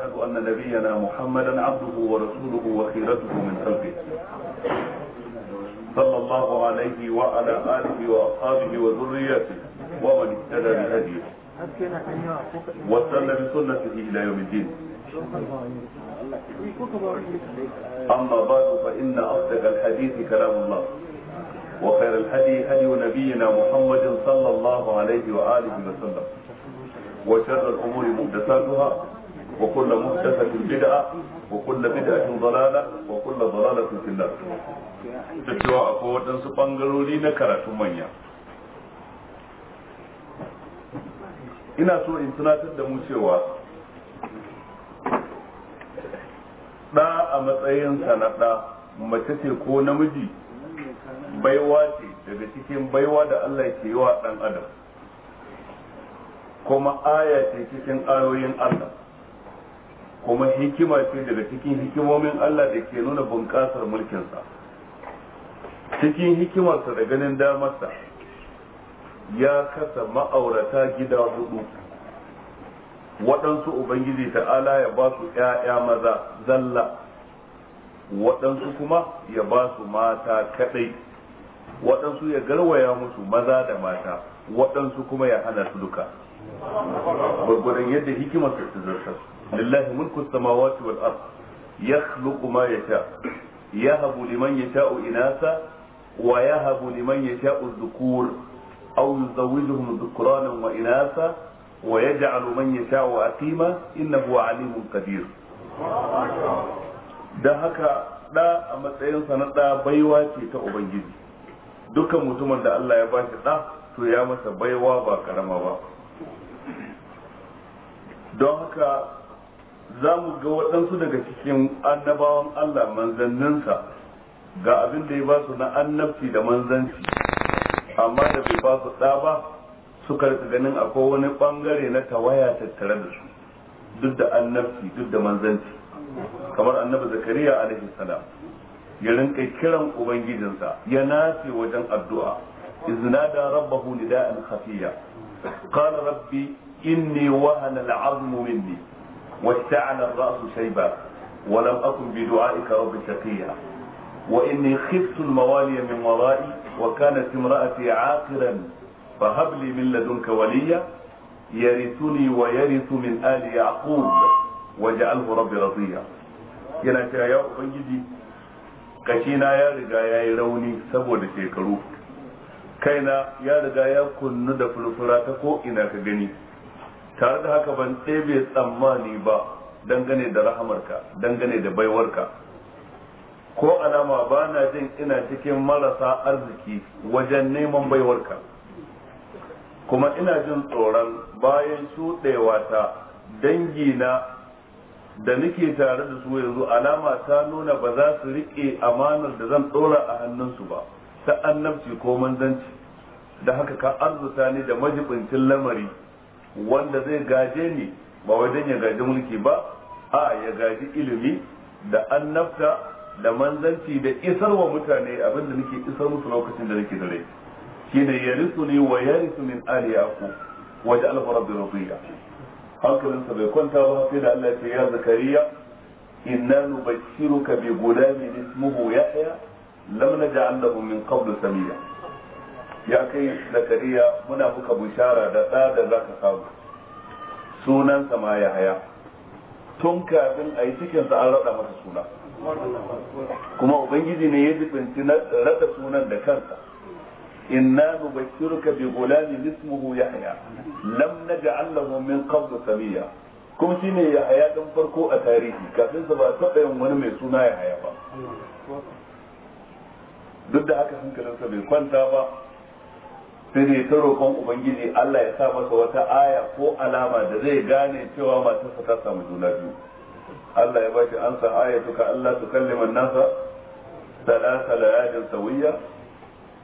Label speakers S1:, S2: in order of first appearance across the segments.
S1: واشهد ان نبينا محمدا عبده ورسوله وخيرته من خلقه صلى الله عليه وعلى اله واصحابه وذريته ومن اهتدى بهديه وسلم بسنته الى يوم الدين اما بعد فان اصدق الحديث كلام الله وخير الهدي هدي نبينا محمد صلى الله عليه واله وسلم وشر الأمور محدثاتها وكل محدثة بدعة وكل بدعة ضلالة وكل ضلالة في النار تتوى أكو ودنس بانغلولي نكرة منيا إنا سوء in tunatar da mu cewa ɗa a matsayinsa na ɗa mace daga cikin baiwa da Allah ke yi wa ɗan adam kuma aya ce cikin ayoyin Allah kuma hikima ce daga cikin hikimomin Allah da ke nuna bunƙasar mulkinsa cikin hikimarsa da ganin damarsa ya kasa ma'aurata gida hudu waɗansu ubangiji ta'ala ya ba su ‘ya'ya maza zalla waɗansu kuma ya ba su mata kaɗai waɗansu ya garwaya musu maza da mata waɗansu kuma ya hana su duka gwargwadon yadda hikimarsa ta zartar lillahi mulku samawati wal ard yakhluqu ma yasha yahabu liman yasha'u inasa wa yahabu liman yasha'u dhukur aw yuzawwijuhum dhukranan wa inasa wa yaj'alu man yasha'u aqima innahu alimun qadir dan haka da a matsayinsa na baiwa ce ta ubangiji dukkan mutumin da Allah ya bashi da to ya masa baiwa ba karama ba don haka za mu ga waɗansu daga cikin annabawan Allah manzanninsa ga abin da ya ba su na annabci da manzanci amma da bai ba su ba suka rika ganin akwai wani ɓangare na tawaya tattare da su duk da annabci duk da manzanci kamar annabi zakariya alaihi salam ya rinka kiran ubangijinsa ya nace wajen addu'a iznada rabbahu nida'an khafiya qala rabbi inni wahana al'azmu minni واشتعل الرأس شيبا ولم أكن بدعائك رب شقيا وإني خفت الموالي من ورائي وكانت امرأتي عاقرا فهب لي من لدنك وليا يرثني ويرث من آل يعقوب واجعله ربي رضيا yana يا ya كشينا يا رجا يا يروني yi rauni كينا يا رجا يا كن ya kunnu da furfura tare da haka ban tsebe tsammani ba dangane da rahamarka dangane da baiwarka ko alama ba na jin ina cikin marasa arziki wajen neman baiwarka kuma ina jin tsoron bayan shuɗewa ta na da nake tare da su yanzu alama ta nuna ba za su riƙe amanar da zan ɗora a hannunsu ba ta annabci ko manzanci da haka ka arzuta ni da majibincin lamari wanda zai gaje ni ba wai ya gaji mulki ba a ya gaji ilimi da annabta da manzanci da isarwa mutane abin da nake isar musu lokacin da nake da ya shine ne wa risu min ali yaqub wa alfa rabbi radiya hankalinsa bai kwanta ba sai da Allah ya ce ya zakariya inna nubashiruka bi gulamin ismuhu yahya lam naj'al lahu min qablu samiyya ya kai zakariya muna muka bushara da ɗa da za ka samu sunansa ma ya haya tun kafin a yi cikinsa an raɗa masa suna kuma ubangiji ne ya jibinci raɗa sunan da kansa inna nubashiruka bi gulani ismuhu yahya lam naj'al lahu min qabl samiya kuma shine yahya dan farko a tarihi kafin sa ba taɓa yin wani mai suna yahya ba duk da haka hankalinsa bai kwanta ba sai ne ta roƙon ubangiji Allah ya sa masa wata aya ko alama da zai gane cewa matarsa ta samu juna biyu Allah ya bashi ansa ayatu ka Allah tu kallima nasa salasa layalin sawiya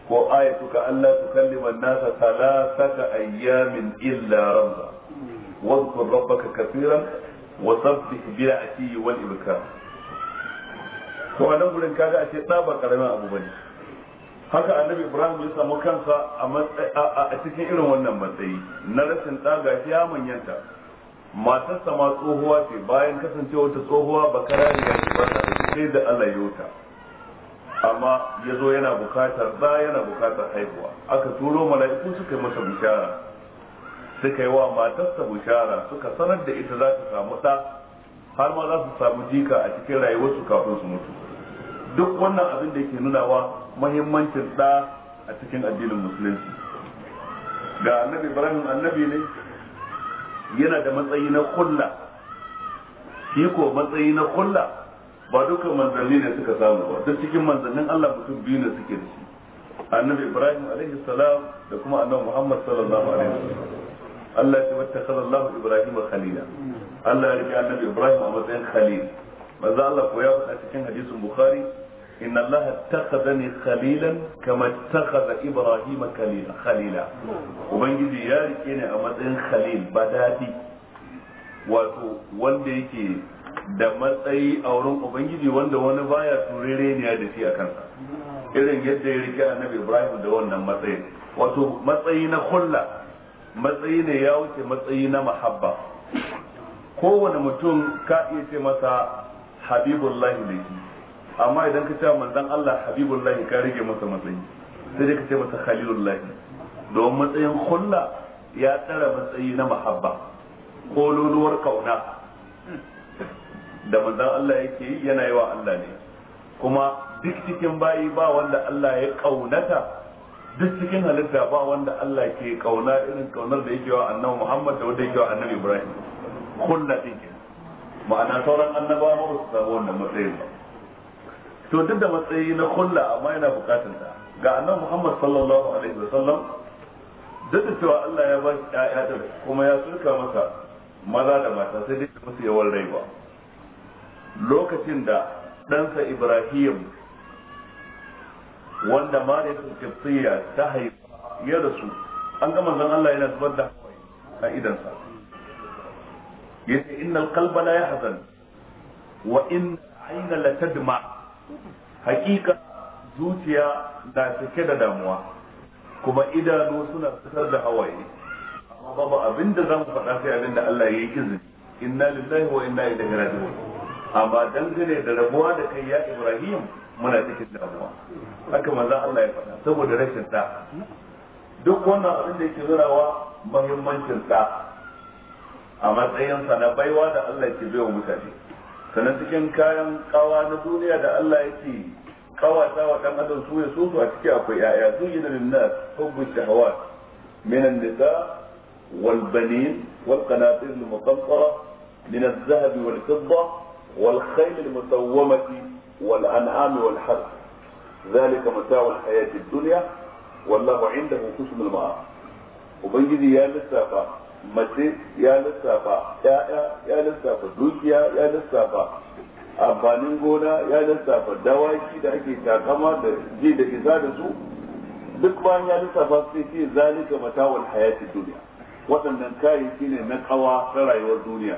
S1: ko ayatu ka Allah tu kallima nasa salasata ayyamin illa ramza واذكر ربك كثيرا وسبح بالعشي والإبكار to a nan gurin kaga a ce ɗaba ƙaramin abu bane haka annabi ibrahim ya samu kansa a cikin irin wannan matsayi na rashin ɗaga shi ya manyanta matarsa ma tsohuwa ce bayan kasance wata tsohuwa ba karariya ce ba ta sai da allah ya wuta amma ya zo yana bukatar da yana bukatar haihuwa aka turo mala'iku suka yi masa bishara suka yi wa matarsa bishara suka sanar da ita za ta samu ɗa har ma za su samu jika a cikin rayuwarsu kafin su mutu duk wannan abin da yake nunawa muhimmancin da a cikin addinin musulunci ga annabi ibrahim annabi ne yana da matsayi na kulla shi ko matsayi na kulla ba dukkan manzanni ne suka samu ba duk cikin manzannin allah mutum biyu ne suke da shi annabi ibrahim alaihi salam da kuma annabi muhammad sallallahu alaihi wasallam allah ya wattakhadha allah ibrahim khalila allah ya rike annabi ibrahim a matsayin khalil manzo allah ko ya faɗa cikin hadisin bukhari إن الله اتخذني خليلا كما اتخذ إبراهيم خليلا خليلا وبنجي a إني أمدين خليل بداتي wato wanda yake da matsayi a wurin ubangiji wanda wani baya turere ne da shi a kansa irin yadda ya rike annabi ibrahim da wannan matsayin wato matsayi na kulla matsayi ne ya wuce matsayi na mahabba kowane mutum ka iya ce masa habibullahi da amma idan ka ce manzon Allah habibullahi ka rige masa matsayi sai dai ka ce masa khalilullahi don matsayin hulla ya tsara matsayi na mahabba luluwar kauna da manzon Allah yake yi yana wa Allah ne kuma duk cikin bayi ba wanda Allah ya kaunata duk cikin halitta ba wanda Allah ke kauna irin kaunar da yake wa annabi Muhammad da wanda yake wa annabi Ibrahim kullatin ma'ana sauran annabawa ba su samu wannan matsayin ba to duk da matsayi na kulla amma yana bukatun ta ga annabi Muhammad sallallahu alaihi wasallam duk da cewa Allah ya ba shi ƴaƴa da kuma ya sulka masa maza da mata sai dai musu yawan rai ba lokacin da ɗansa Ibrahim wanda Mariyatul Qibtiyya ta haifa ya rasu an ga manzon Allah yana zubar da a idansa yace innal qalba la yahzan wa in ayna la tadma' hakika zuciya na cike da damuwa kuma idanu suna fitar da hawaye amma babu abin da zamu faɗa sai abin da Allah ya yi izini inna lillahi wa inna ilaihi raji'un amma dangane da rabuwa da kai ya Ibrahim muna cikin damuwa haka manzon Allah ya faɗa saboda rashin da duk wannan abin da yake zurawa muhimmancin da a matsayinsa na baiwa da Allah ke bai wa mutane sannan cikin kayan kawa na duniya da Allah ya ce ta wa kan adam su ya su a ciki akwai yaya zuyina lin nas hubbu shahawat min an-nisa wal banin wal qanatir al muqantara min al zahab wal fidda wal khayl al musawwamati wal an'am wal zalika harth ذلك متاع الحياة الدنيا والله عنده حسن ma'a ubangiji ya lissafa mace ya lissafa ya'ya ya lissafa dukiya ya lissafa amfanin gona ya lissafa dawaki da ake takama da ji da isa da su duk bayan ya lissafa sai ce zalika matawal hayati duniya waɗannan kayayyaki ne na kawa ta rayuwar duniya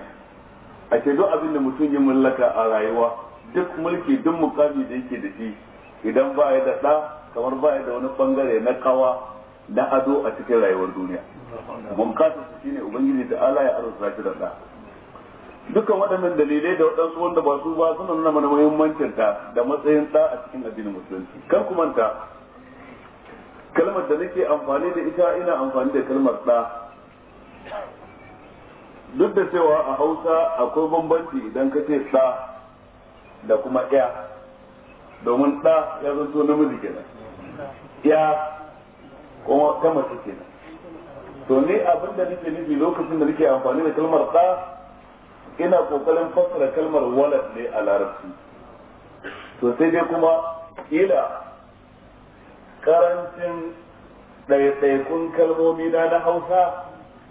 S1: a ce duk abin da mutum ya mallaka a rayuwa duk mulki duk mukami da yake da shi idan ba ya da ɗa kamar ba ya da wani bangare na kawa na ado a cikin rayuwar duniya bukatar shine ubangiji da ala ya arzuta shi da ɗa. dukkan waɗannan dalilai da waɗansu wanda ba su ba suna nuna mana muhimmancin ta da matsayin ɗa a cikin addinin musulunci kar ku manta kalmar da nake amfani da ita ina amfani da kalmar ɗa duk da cewa a hausa akwai bambanci idan ka ce ɗa da kuma ɗaya domin ɗa ya zanto namiji kenan ya kuma ta mace kenan to ne abin da nake nufi lokacin da nake amfani da kalmar da ina kokarin fassara kalmar walad ne a larabci to sai dai kuma ila karancin ɗaiɗaikun kalmomi na na hausa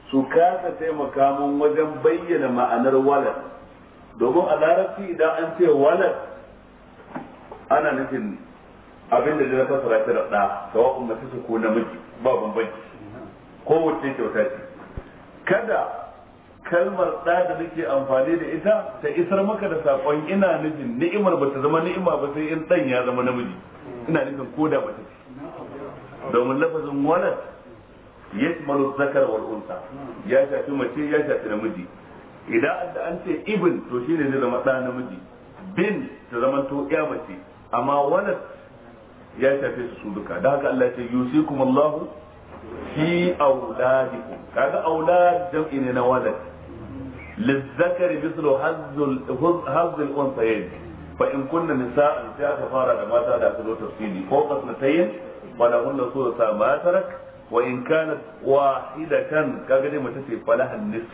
S1: su kasa taimaka mun wajen bayyana ma'anar walad domin a larabci idan an ce walad ana nufin abin da na fassara ta da ɗa sawa'un mace ko namiji ba bambanci kowace kyauta ce kada kalmar ɗa da nake amfani da ita ta isar maka da saƙon ina nufin ni'imar ba ta zama ni'ima ba sai in ɗan ya zama namiji ina nufin koda ba ta
S2: ce
S1: domin lafazin walad ya malu zakar wal unsa ya shafi mace ya shafi namiji idan an ce ibn to shine zai zama ɗa namiji bin ta zama to ya mace amma walad ya shafe su duka da haka Allah ya ce yusikum Allahu fi auladikum kaga aulad jam'i ne na walad للذكر مثل هز هز الانثيين فان كن نساء sai aka fara da mata da kudo tafsili ko kasnatayn falahunna thulutha ma tarak wa in kanat wahidatan kaga dai mace ce falahan nisf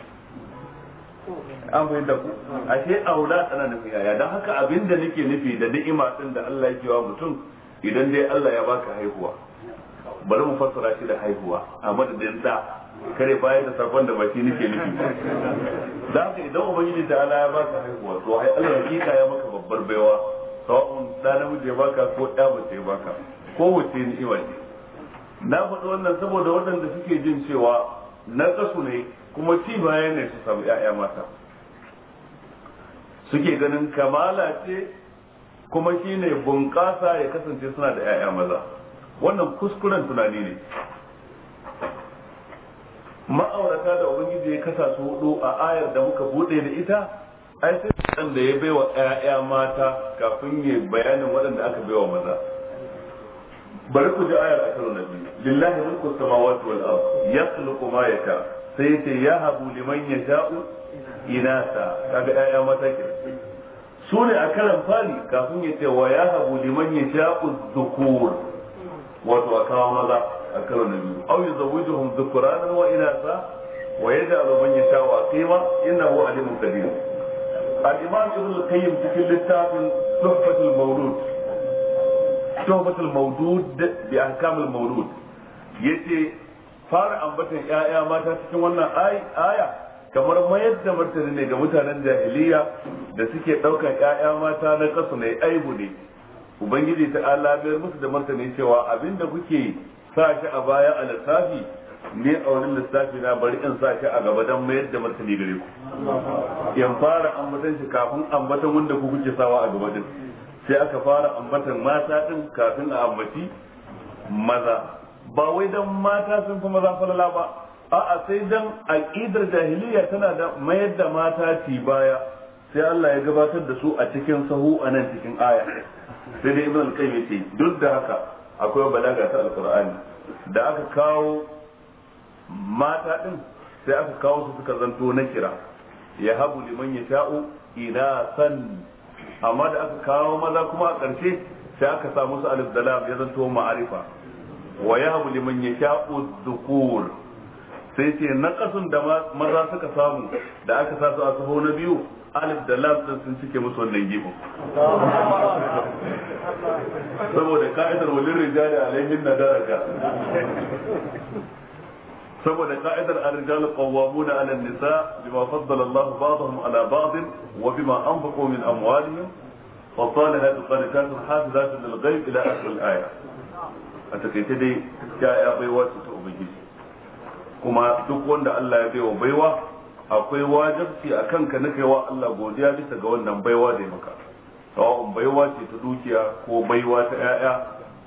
S1: an fahimta ku ashe aula ana nufin yaya dan haka abinda nake nufi da ni'ima da Allah ya wa mutum idan dai Allah ya baka haihuwa bari mu fassara shi da haihuwa a madadin da kare bayan da sabon da baki nake nufi da haka idan ubangiji ta ala ya baka haihuwa to ai Allah hakika ya maka babbar baiwa sawun da namiji ya baka ko ɗa mace ya baka ko wace ni'ima ce na faɗi wannan saboda waɗanda suke jin cewa na kasu ne kuma ci bayan ne su samu ƴaƴa mata suke ganin kamala ce kuma shine bunƙasa ya kasance suna da ƴaƴa maza wannan kuskuren tunani ne ma'aurata da ubangiji ya kasa su hudu a ayar da muka bude da ita ai sai dan da ya baiwa ƴaƴa mata kafin ya bayanin waɗanda aka baiwa maza bari ku ji ayar akaro na biyu lillahi mulku samawati wal ard yakhluqu ma yasha sai yace yahabu liman yasha'u inasa kaga ƴaƴa mata ke su ne a karan fari kafin ya ce wa yahabu liman yasha'u
S2: dhukur
S1: wato a kawo maza a karo na biyu au yuzawwijuhum dhukranan wa inatha wa yaj'alu man yasha'u aqima innahu alimun qadir al-imam ibn al-qayyim cikin littafin tuhfatul mawlud tuhfatul mawdud bi ahkamil mawlud yace fara ambatan yaya mata cikin wannan aya kamar mayar da martani ne ga mutanen jahiliya da suke ɗaukar ‘ya'ya mata na kasu ne aibu ne ubangiji ta ala bayar musu da martani cewa abinda kuke sa shi a baya a lissafi ne a wani lissafi na bari in sa shi a gaba don mayar da martani gare ku yan fara ambatan shi kafin ambatan wanda ku kuke sawa a gaba din sai aka fara ambatan mata din kafin a ambaci maza ba wai dan mata sun fi maza falala ba a'a sai dan aqidar jahiliya tana da mayar da mata ci baya sai Allah ya gabatar da su a cikin sahu a nan cikin aya sai dai ibn al-qayyim yace duk da haka akwai balaga ta al-qur'ani da aka kawo mata din sai aka kawo su suka zanto na kira ya habu liman ila san amma da aka kawo maza kuma a ƙarshe sai aka sa musu alif da ya zanto ma'arifa wa ya habu liman sha'u dhukur sai ce kasun da maza suka samu da aka sa su a sahu na biyu alif da lam din sun cike musu wannan gibin saboda ka'idar walin rijali alaihin na daraja saboda ka'idar ar-rijalu qawwamuna 'ala an-nisa bima faddala Allah ba'dahum 'ala ba'd wa bima anfaqu min amwalihim فالصالحات قانتات حافظات للغيب الى اخر الايه a takaice dai ya ya baiwa su ta ubangiji kuma duk wanda Allah ya wa baiwa akwai wajabci a kanka na kaiwa Allah godiya bisa ga wannan baiwa da ya maka sawa'un baiwa ce ta dukiya ko baiwa ta 'ya'ya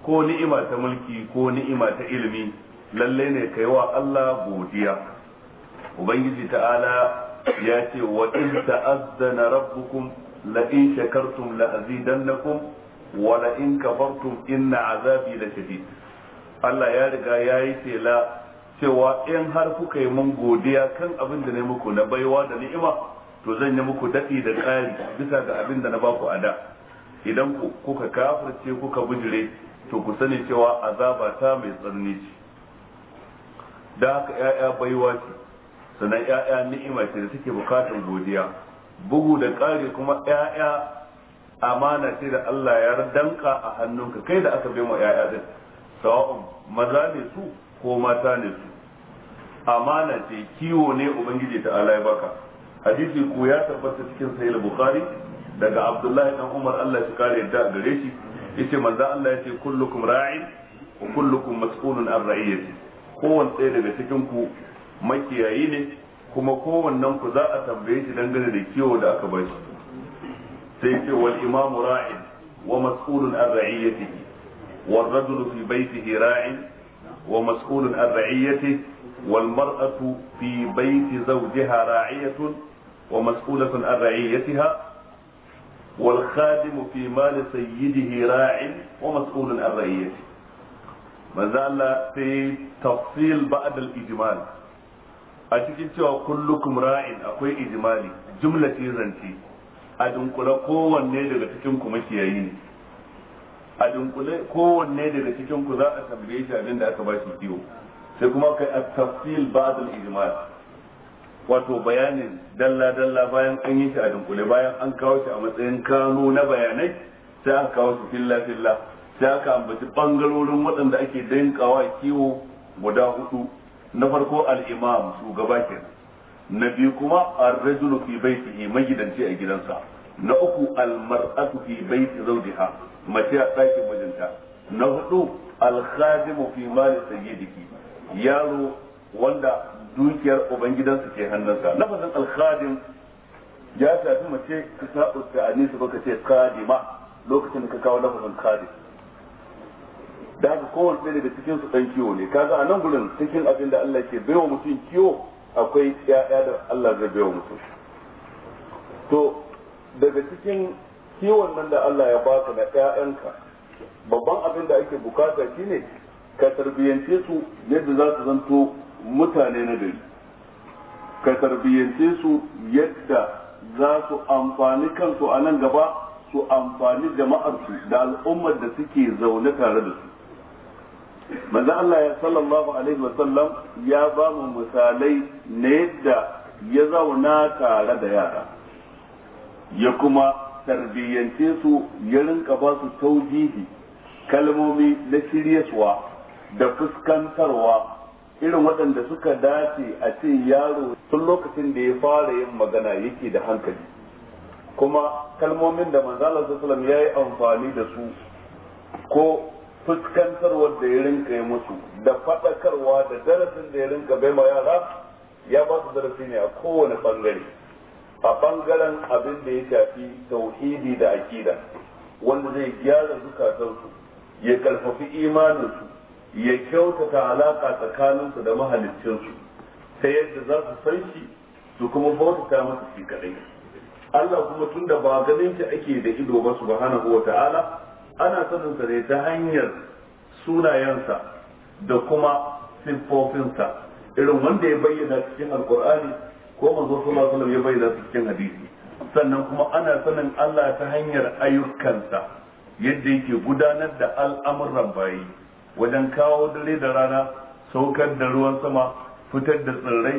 S1: ko ni'ima ta mulki ko ni'ima ta ilimi lalle ne kaiwa Allah godiya ubangiji ta'ala ya ce wa in ta'azzana rabbukum la in shakartum la azidannakum wa la in kafartum inna azabi la shadid Allah ya riga ya yi tela cewa in har kuka yi mun godiya kan abin da na muku na baiwa da ni'ima to zan yi muku daɗi da ƙari bisa ga abin da na baku a da idan kuka kafirce kuka bujire to ku sani cewa azaba ta mai tsarni ce da haka ‘ya'ya baiwa ce sannan ‘ya'ya ni'ima ce da take bukatan godiya bugu da ƙari kuma ‘ya'ya amana ce da Allah ya danka a hannunka kai da aka bai wa ‘ya'ya din sawa'un maza ne su ko mata ne su amana ce kiwo ne ubangiji ta ala ya baka hadisi ko ya tabbata cikin sahih bukhari daga abdullahi dan umar Allah ya kare da gare shi yace manzo Allah yace kullukum ra'in wa kullukum mas'ulun an ra'iyati kowanne ɗaya daga cikin ku makiyayi ne kuma kowannen ku za a tambaye shi dangane da kiwo da aka bashi sai yace wal imamu ra'in wa mas'ulun an ra'iyatihi wal rajulu fi baytihi ra'in ومسؤول عن رعيته والمرأة في بيت زوجها راعية ومسؤولة عن رعيتها والخادم في مال سيده راع ومسؤول عن رعيته ما زال في تفصيل بعد الإجمال a cikin cewa kullukum ra'in akwai ijimali jumla ce zance a dunkula kowanne daga a dunkule kowanne daga cikin ku za a tambaye shi abin da aka ba shi kiwo sai kuma kai a tafsil ba'd ijmal wato bayanin dalla dalla bayan an yi shi a dunkule bayan an kawo shi a matsayin kano na bayanai sai aka kawo shi filla filla sai aka ambaci bangarorin waɗanda ake dinkawa kiwo guda hudu na farko al-imam shugaba kenan na biyu kuma ar-rajulu fi baitihi magidanci a gidansa na uku al-mar'atu fi baiti zawjiha mace a ɗakin mijinta na hudu alkhadimu fi mali sayyidiki yaro wanda dukiyar ubangidansa ke hannunsa lafazin alkhadim ya shafi mace ka sabu ta anisa baka ce kadima lokacin da ka kawo lafazin kadim da haka kowane ɗaya daga cikin su ɗan kiwo ne kaga a nan gurin cikin abin da Allah ke baiwa mutum kiwo akwai ƴaƴa da Allah zai baiwa mutum to daga cikin kiwon nan da Allah ya baka da ƴaƴanka babban abin da ake bukata shine ka tarbiyyance su yadda za su zanto mutane na gari ka tarbiyyance su yadda za su amfani kansu a nan gaba su amfani jama'arsu da al'ummar da suke zaune tare da su manzo Allah ya sallallahu alaihi wa sallam ya ba mu misalai na yadda ya zauna tare da yara ya kuma tarbiyyance su ya rinka ba su taujihi kalmomi na shiryaswa da fuskantarwa irin waɗanda suka dace a ce yaro tun lokacin da ya fara yin magana yake da hankali kuma kalmomin da manzala sassalam ya yi amfani da su ko fuskantarwar da ya rinka yi musu da faɗakarwa da darasin da ya rinka bai ma yara ya ba su darasi ne a kowane ɓangare a bangaren abin da ya shafi tauhidi da akida wanda zai gyara zukatansu ya karfafi imaninsu ya kyautata alaka tsakaninsu da mahaliccinsu ta yadda za su san shi su kuma bautata masa shi kadai Allah kuma tunda ba ganin shi ake da ido ba subhanahu wa ta'ala ana sanin sa ne ta hanyar sunayensa da kuma siffofinsa irin wanda ya bayyana cikin alkur'ani ko manzo sallallahu alaihi wasallam ya bayyana cikin hadisi sannan kuma ana sanin Allah ta hanyar ayyukansa yadda yake gudanar da al'amuran bayi wajen kawo dare da rana saukar da ruwan sama fitar da tsirrai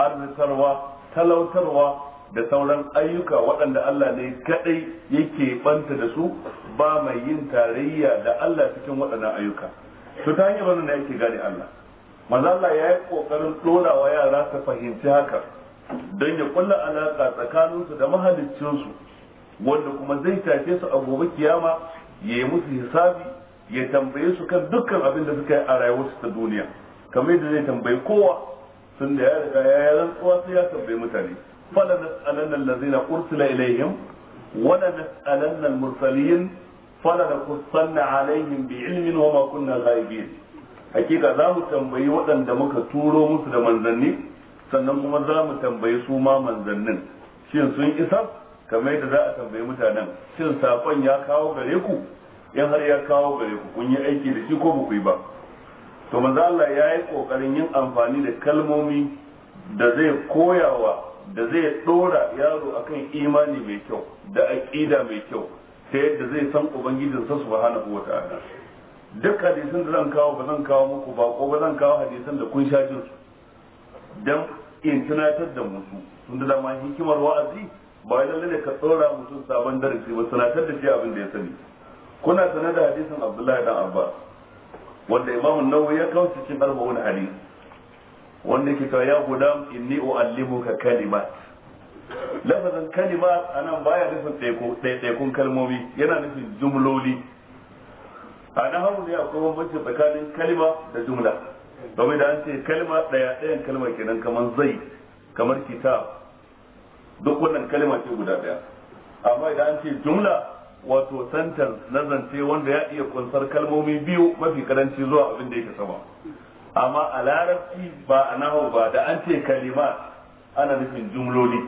S1: arzikarwa, talautarwa da sauran ayyuka waɗanda Allah ne kaɗai yake banta da su ba mai yin tarayya da Allah cikin waɗannan ayyuka to ta hanyar wannan yake gane Allah manzo Allah ya yi kokarin ɗorawa yara ta fahimci haka don ya kulla alaƙa tsakaninsu da mahaliccinsu wanda kuma zai tashe su a gobe kiyama ya yi musu hisabi ya tambaye su kan dukkan abin da suka yi a rayuwarsu ta duniya kamar yadda zai tambayi kowa sun da ya riga ya yi rantsuwa sai ya tambayi mutane fala nas'alanna allazina ursila ilayhim wala nas'alanna al-mursalin fala naqussanna alaihim bi'ilmin wa ma kunna ghaibin hakika za mu tambayi waɗanda muka turo musu da manzanni sannan kuma za mu tambayi su ma manzannin shin sun isa kamar yadda za a tambayi mutanen shin sakon ya kawo gare ku in har ya kawo gare ku kun yi aiki da shi ko ba ku yi ba to manzo Allah ya yi kokarin yin amfani da kalmomi da zai koyawa da zai dora yaro akan imani mai kyau da aqida mai kyau ta yadda zai san sa subhanahu wata'ala duk hadisin da zan kawo ba zan kawo muku ba ko ba zan kawo hadisin da kun sha jinsu dan in tunatar da musu sun da dama hikimar wa'azi ba wai lalle ka tsora mutum sabon darasi ba tunatar da shi abin da ya sani kuna sanar da hadisin Abdullahi dan Abbas wanda Imam Nawawi ya kawo cikin arba'un hadis wanda yake cewa ya gudam inni uallimuka kalimat lafazin kalimat anan baya nufin ɗaiɗaikun kalmomi yana nufin jumloli a naharu ne akwai bambanci tsakanin kalima da jumla domin da an ce kalma daya ɗayan kalma kenan kamar zai kamar kitab duk wannan kalma ce guda daya amma idan an ce jumla wato santan na zance wanda ya iya kunsar kalmomi biyu mafi karanci zuwa abin da yake sama amma a larabci ba a nahu ba da an ce kalima ana nufin jumloli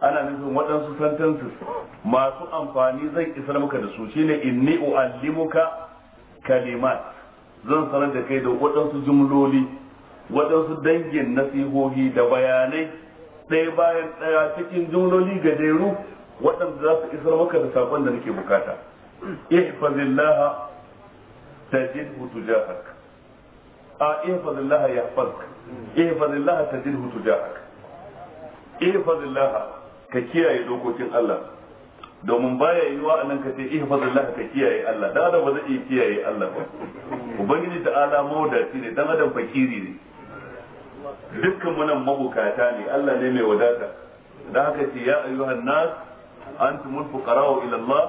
S1: ana nufin waɗansu sentences masu amfani zai isar maka da su shine inni u'allimuka kalimat zan sanar da kai da waɗansu jumloli waɗansu dangin nasihohi da bayanai ɗaya bayan ɗaya cikin jumloli jeru waɗanda za su isar maka da saƙon da nake bukata ihfazillah hutu jahak a ya ihfazillah yahfazk ihfazillah tajidhu tujahak ihfazillah ka kiyaye dokokin Allah domin baya yiwa a nan ka ce ihfazillah ka kiyaye Allah da adam ba zai iya kiyaye Allah ba ubangiji da ala mawadaci ne dan adam fakiri ne dukkan munan mabukata ne Allah ne mai wadata da haka ce ya ayyuhan nas antumul fuqara'u ila Allah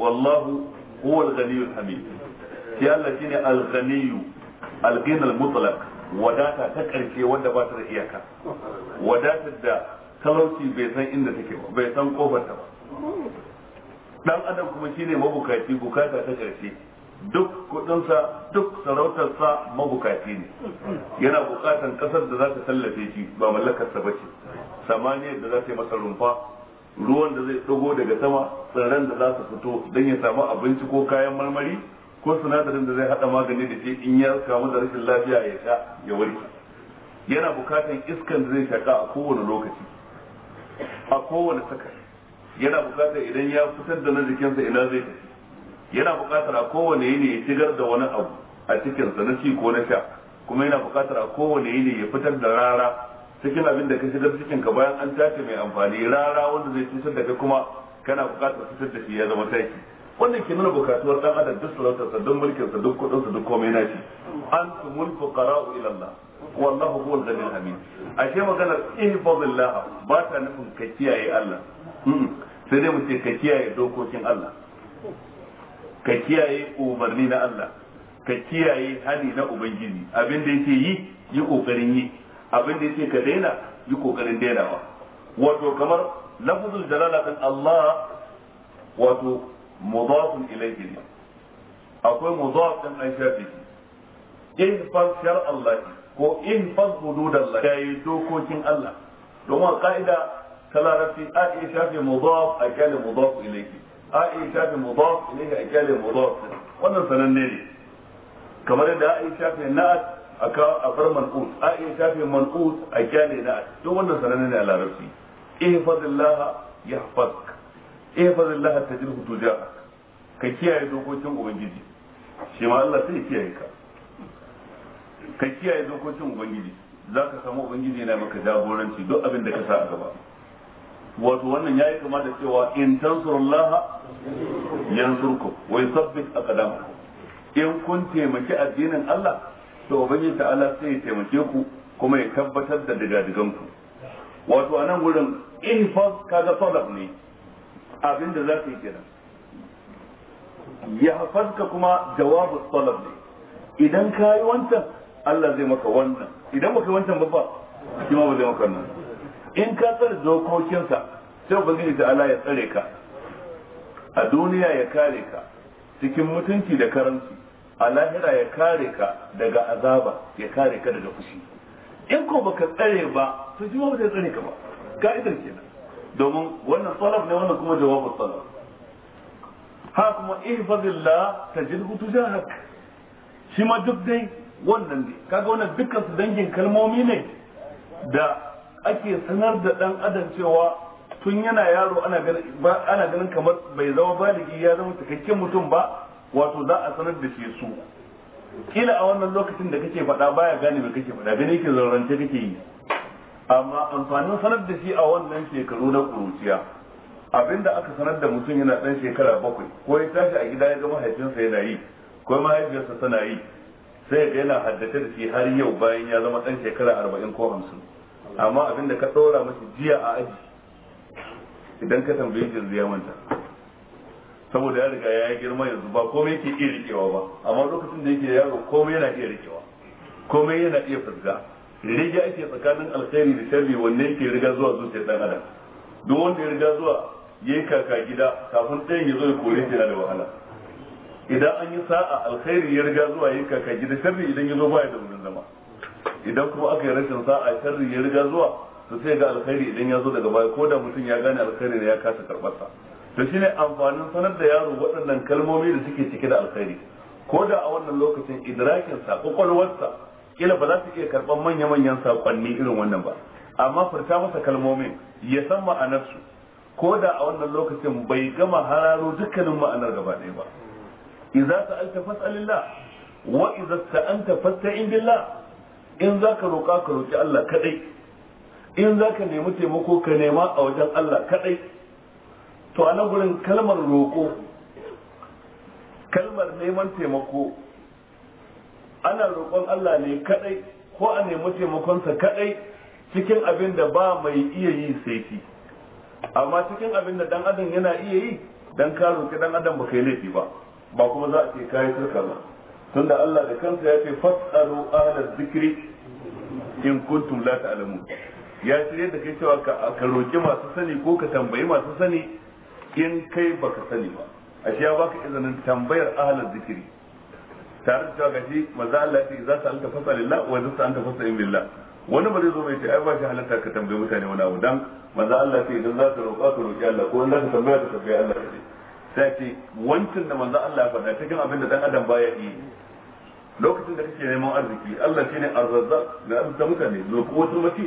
S1: wallahu huwal ghaniyyul hamid shi Allah shine al-ghaniyyu al-ghina mutlaq wadata ta karshe wanda ba ta da iyaka wadatar da talauci bai san inda take ba bai san kofar ta ba dan adam kuma shine mabukaci bukata ta karshe duk kudinsa duk sarautarsa mabukaci ne yana bukatan kasar da za ta tallafe shi ba mallakarsa ba ce samaniyar da za ta yi masa rumfa ruwan da zai dago daga sama tsirran da za su fito don ya samu abinci ko kayan marmari ko sinadarin da zai hada magani da shi in ya kamu da rashin lafiya ya sha ya warke yana bukatan iskan da zai shaka a kowane lokaci a kowane sakai yana bukata idan ya fitar da na jikinsa ina zai yana bukatar a kowane yini ya shigar da wani abu a cikinsa na ci ko na sha kuma yana bukatar a kowane yini ya fitar da rara cikin abin da ka shigar cikin ka bayan an tace mai amfani rara wanda zai cutar da kai kuma kana bukatar fitar da shi ya zama taki wannan ke nuna bukatuwar dan adam duk sarautarsa duk mulkinsa duk kudinsa duk komai na shi an tumul fuqara'u ila Allah wallahu huwal ghaniyyul hamid ashe maganar ihfazillah ba ta nufin ka kiyaye Allah hmm. sai dai mu ce ka kiyaye dokokin Allah ka kiyaye umarni na Allah ka kiyaye hali na ubangiji abin da yake yi yi kokarin yi abin da yake ka daina yi kokarin dainawa wato kamar lafzul jalala kan Allah wato mudafun ilayhi ne akwai mudaf din an shafi ihfaz shar Allah ko in fadhudu da Allah yayi dokokin Allah domin ka'ida ta larabci a iya shafe mudaf a kyale mudaf ilayhi a iya shafe mudaf ilayhi a kyale mudaf wannan sananne ne kamar yadda a iya shafe na'at a kawo a bar man'ut a iya shafe man'ut a kyale na'at duk wannan sananne ne a larabci ihfazillah yahfazk ta tajrihu tujahak ka kiyaye dokokin ubangiji shi ma Allah sai kiyaye ka ka kiyaye dokokin ubangiji za ka samu ubangiji yana maka jagoranci duk abin da ka sa a gaba wato wannan yayi kama da cewa in tansurullaha yansurku wa yusabbit aqdamakum in kun taimaki addinin Allah to ubangiji ta'ala sai ya taimake ku kuma ya tabbatar da digadigan ku wato anan gurin ihfaz kaga talab ne abin da za ka yi kenan ya hafazka kuma jawabu talab ne idan ka yi wancan Allah zai maka wannan idan baka wancan ba ba shi ma ba zai maka wannan in ka tsare dokokinsa sai zai ta Allah ya tsare ka a duniya ya kare ka cikin mutunci da karanci a lahira ya kare ka daga azaba ya kare ka daga fushi in ko baka tsare ba to shi ma ba zai tsare ka ba ka'idar kenan domin wannan salaf ne wannan kuma jawabu salaf ha kuma ihfazillah tajidhu tujahak shi ma duk dai wannan ne kaga wannan dukkan su dangin kalmomi ne da ake sanar da dan adam cewa tun yana yaro ana ganin ana ganin kamar bai zama baligi ya zama cikakken mutum ba wato za a sanar da shi su kila a wannan lokacin da kake faɗa baya gane me kake faɗa gane yake zarrance kake yi amma amfanin sanar da shi a wannan shekaru na kuruciya abinda aka sanar da mutum yana ɗan shekara bakwai ko ya tashi a gida ya ga mahaifinsa yana yi ko mahaifiyarsa tana yi sai ga yana haddace da shi har yau bayan ya zama dan shekara arba'in ko hamsin amma abin da ka ɗora mashi jiya a aji idan ka tambayi jin ya manta saboda ya riga ya yi girma yanzu ba komai yake iya rikewa ba amma lokacin da yake yaro komai yana iya rikewa komai yana iya fasga riga ake tsakanin alkhairi da sharri wanne yake riga zuwa zuciyar dan adam duk wanda ya riga zuwa yayi kaka gida kafin ɗayan ya zo ya kore shi da wahala idan an yi sa'a alkhairi ya riga zuwa yin kaka gida sharri idan ya zo baya da wurin zama idan kuma aka yi rashin sa'a sharri ya riga zuwa to sai ga alkhairi idan ya zo daga baya ko da mutum ya gane alkhairi ne ya kasa karɓar sa to shine amfanin sanar da yaro waɗannan kalmomi da suke cike da alkhairi ko da a wannan lokacin idrakin sa kwakwalwarsa kila ba za su iya karɓar manya-manyan sakonni irin wannan ba amma furta masa kalmomin ya san ma'anarsu ko da a wannan lokacin bai gama hararo dukkanin ma'anar gaba ɗaya ba idza sa'alta fas'alillah wa idza sta'anta fasta'in billah in zaka roƙa ka roƙi Allah kadai in zaka nemi taimako ka nema a wajen Allah kadai to a nan gurin kalmar roƙo kalmar neman taimako ana roƙon Allah ne kadai ko a nemi taimakonsa kadai cikin abin da ba mai iya yi sai shi amma cikin abin da dan adam yana iya yi dan ka roƙi dan adam ba kai laifi ba ba kuma za a ce kayi shirka ba tunda Allah da kansa ya ce fasalu ahlaz zikri in kuntum la ta'lamun ya shirye da kai cewa ka roki masu sani ko ka tambayi masu sani in kai baka sani ba ashe ya baka izinin tambayar ahlaz zikri tare da cewa gashi maza Allah ya ce za su anta fasalillah wa za su anta fasalin billah wani ba zai zo mai ce ai ba shi halatta ka tambayi mutane wani abu dan maza Allah ya ce idan za ka roƙa ka roƙi Allah ko in za ka tambaya ka tambayi Allah ka ce sai ce wancan da manzo Allah ya faɗa cikin abin da dan adam baya yi lokacin da kake neman arziki Allah shine arzazzaq da ta mutane zo ko wata mace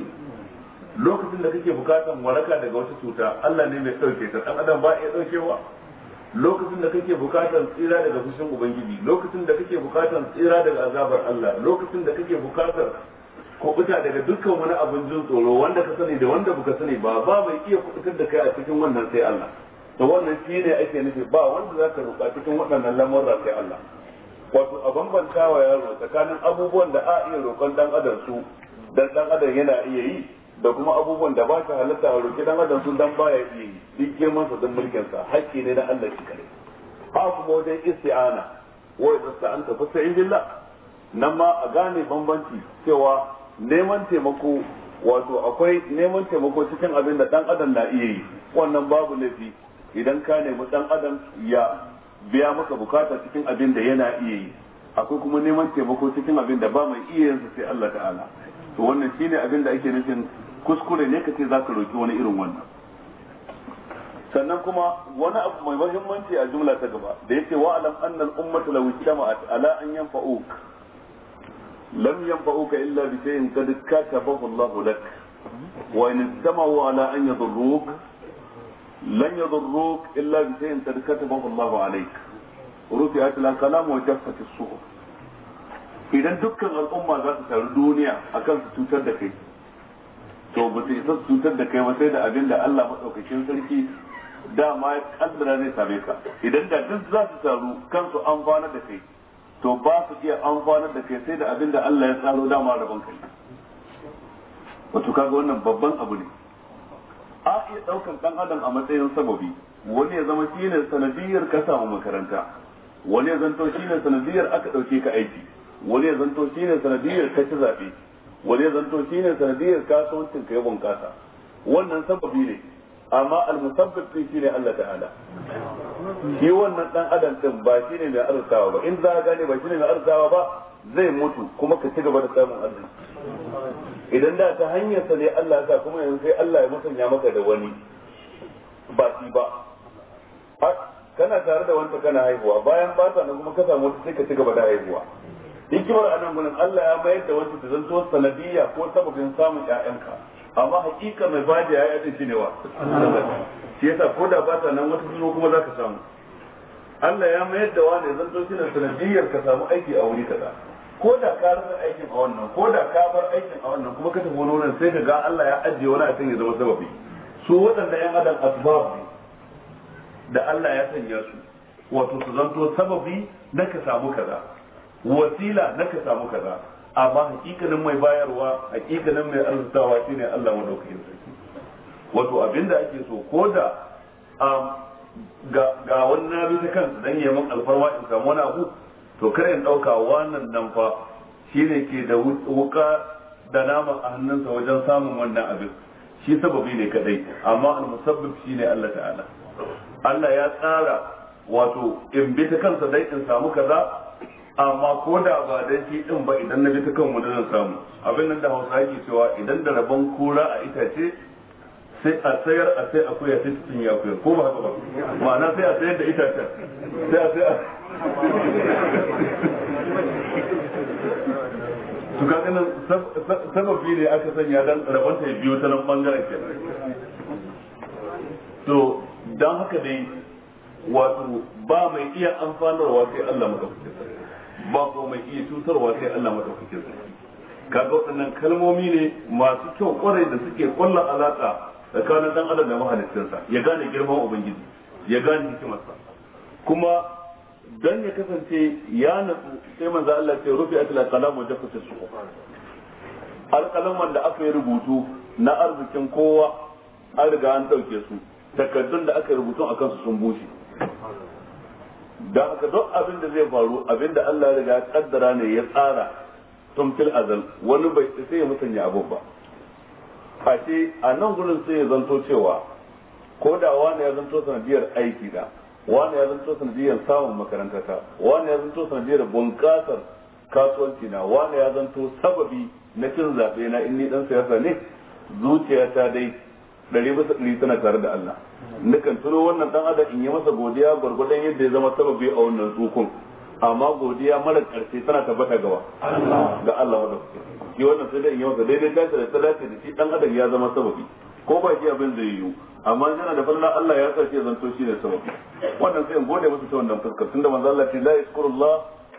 S1: lokacin da kake bukatan waraka daga wata cuta Allah ne mai dauke ta dan adam ba ya daukewa lokacin da kake bukatan tsira daga fushin ubangiji lokacin da kake bukatan tsira daga azabar Allah lokacin da kake bukatan kubuta daga dukkan wani abin jin tsoro wanda ka sani da wanda baka sani ba ba mai iya kubutar da kai a cikin wannan sai Allah to wannan shi ne ake nufi ba wanda za ka roƙa cikin waɗannan lamurra sai Allah wato a bambanta wa yaro tsakanin abubuwan da a iya roƙon dan adam su dan dan adam yana iya yi da kuma abubuwan da ba ta halatta a roƙi dan adam su dan baya iya yi duk girman sa dan mulkin sa haƙƙi ne na Allah shi kare ha kuma wajen isti'ana wa yasta'anta fasta'in billah nan ma a gane bambanci cewa neman taimako wato akwai neman taimako cikin abin da dan adam na iya yi wannan babu laifi idan ka nemi dan adam ya biya maka bukata cikin abin da yana iya yi akwai kuma neman taimako cikin abin da ba mai iya yin sai Allah ta'ala to wannan shine abin da ake nufin kuskure ne kace zaka roki wani irin wannan sannan kuma wani abu mai muhimmanci a jumla ta gaba da yake wa alam annal ummata law ijtama'at ala an yanfa'uk lam yanfa'uka illa bi shay'in qad katabahu Allah lak wa in ijtama'u ala an yadurruk lan yadurruk illa bi shay'in qad katabahu Allah alayk rufi'at al-qalam wa jaffat as-suhuf idan dukkan al'umma za su taru duniya akan su cutar da kai to ba su isa su cutar da kai ba sai da abin da Allah madaukakin sarki dama ya kaddara zai same ka idan da duk za su taru kansu amfana da kai to ba su iya amfanar da kai sai da abin da Allah ya tsaro dama rabon kai wato kaga wannan babban abu ne a iya daukan dan adam a matsayin sababi wani ya zama shine sanadiyar ka samu makaranta wani ya zanto shine sanadiyar aka dauke ka aiki wani ya zanto shine sanadiyar ka ci zaɓe, wani ya zanto shine sanadiyar kasuwancin ka ya bunƙasa wannan sababi ne amma al-musabbib din shine Allah ta'ala shi wannan dan adam din ba shine mai arzawa ba in za ka gane ba shine mai arzawa ba zai mutu kuma ka ci gaba da samun
S2: arziki
S1: idan da ta hanyarsa ne Allah ya sa kuma yanzu sai Allah ya musanya maka da wani ba shi ba kana tare da wanda kana haihuwa bayan ba ta nan kuma ka samu wata sai ka ci gaba da haihuwa hikimar a nan gurin Allah ya mayar da wasu da zanto sanadiyya ko sababin samun ƴaƴanka amma hakika mai ba da yi shi ne wa shi yasa ko da ba ta nan wata zuwa kuma za ka samu Allah ya mayar da wani zanto shine sanadiyyar ka samu aiki a wuri kaza ko da ka rasa aikin a wannan ko da ka bar aikin a wannan kuma ka tafi wani wurin sai ka ga Allah ya ajiye wani abin ya zama sababi su waɗanda yan adam asbab ne da Allah ya sanya su wato su zanto sababi na ka samu kaza wasila na ka samu kaza amma hakikanin mai bayarwa hakikanin mai arzutawa shine Allah madaukakin sarki wato abinda ake so ko da um, ga wani na bi ta kansa dan yayin alfarma in samu wani abu to kar in ɗauka wannan nan fa shi ne ke da wuka da nama a hannunsa wajen samun wannan abin shi sababi ne kadai amma al-musabbib shi ne Allah ta'ala Allah ya tsara wato in bi ta kansa dai in samu kaza amma ko da ba dai shi din ba idan na bi ta kan wani samu abin nan da Hausa yake cewa idan da rabon kura a itace sai a sayar a sai akuya sai cikin yakuya ko ba haka ba ma'ana sai a sayar da itacen sai a sayar to kaga nan sababi ne aka sanya dan rabonta ya biyo ta nan bangaren ke to don haka dai wato ba mai iya amfanarwa sai Allah madaukakin sarki ba ko mai iya cutarwa sai Allah madaukakin ka ga waɗannan kalmomi ne masu kyau kwarai da suke ƙwallon alaƙa tsakanin dan adam da mahaliccinsa ya gane girman ubangiji ya gane hikimarsa kuma Don ya kasance ya natsu sai manzo Allah ce rufi atil kalamu da jaffat su suhuf alqalaman da aka yi rubutu na arzikin kowa an riga an dauke su takardun da aka yi rubutu a kansu sun bushe da aka duk abin da zai faru abin da Allah ya riga kaddara ne ya tsara tun fil azal wani bai sai ya musanya abun ba a ce a nan gurin sai ya zanto cewa ko da wani ya zanto sanadiyar aiki da wani ya zanto sanadiyar samun makaranta ta wani ya zanto sanadiyar bunƙasar kasuwanci na wani ya zanto sababi na cin zaɓe na in ni dan siyasa ne zuciyata dai ɗari bisa ɗari tana tare da Allah nukan tuno wannan dan adam in yi masa godiya gwargwadon yadda ya zama sababi a wannan tsukun amma godiya mara ƙarshe tana tabbata gaba ga Allah wadda shi wannan sai da in yi masa daidai dace da ta dace da shi dan adam ya zama sababi ko ba shi abin zai yiwu amma yana da falla Allah ya sace zanto shi ne sama wannan sai in gode masa ta wannan fuskar tunda manzo Allah ce la yashkurullah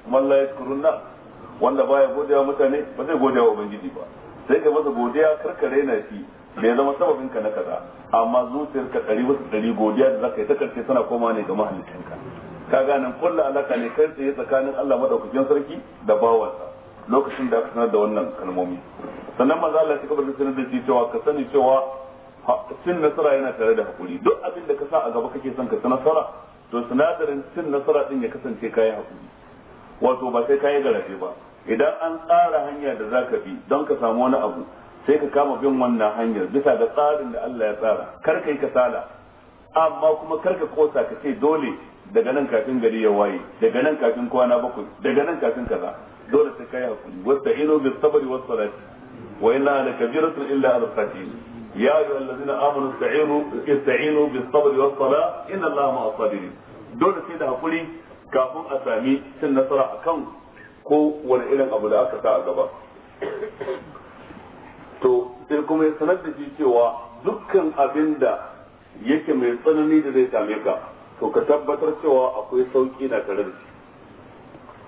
S1: man la yashkurunna wanda baya godewa mutane ba zai godewa ubangiji ba sai ka masa godiya karkare na shi bai zama sababin ka na kaza amma zuciyar ka ɗari wasu ɗari godiya da zaka yi ta karshe tana koma ne ga mahallin ka gane kullu alaka ne kai tsaye tsakanin Allah madaukakin sarki da bawansa lokacin da aka sanar da wannan kalmomi sannan manzo Allah ya kabar sanar da shi cewa ka sani cewa cin nasara yana tare da hakuri duk abin da ka sa a gaba kake son ka ci nasara to sinadarin cin nasara din ya kasance kayi hakuri wato ba sai kayi garaje ba idan an tsara hanya da zaka bi don ka samu wani abu sai ka kama bin wannan hanyar bisa da tsarin da Allah ya tsara kar ka yi kasala amma kuma kar ka kosa ka ce dole daga nan kafin gari ya waye daga nan kafin kwana bakwai daga nan kafin kaza dole sai kai hakuri wasta'inu bis sabri was salati wa inna la illa al يا ايها الذين امنوا استعينوا استعينوا بالصبر والصلاه ان الله مع الصابرين dole sai da hakuri kafin a sami cin nasara akan ko wani irin abu da aka sa a gaba to kuma ya sanar da shi cewa dukkan abin da yake mai tsanani da zai same ka to ka tabbatar cewa akwai sauki na tare da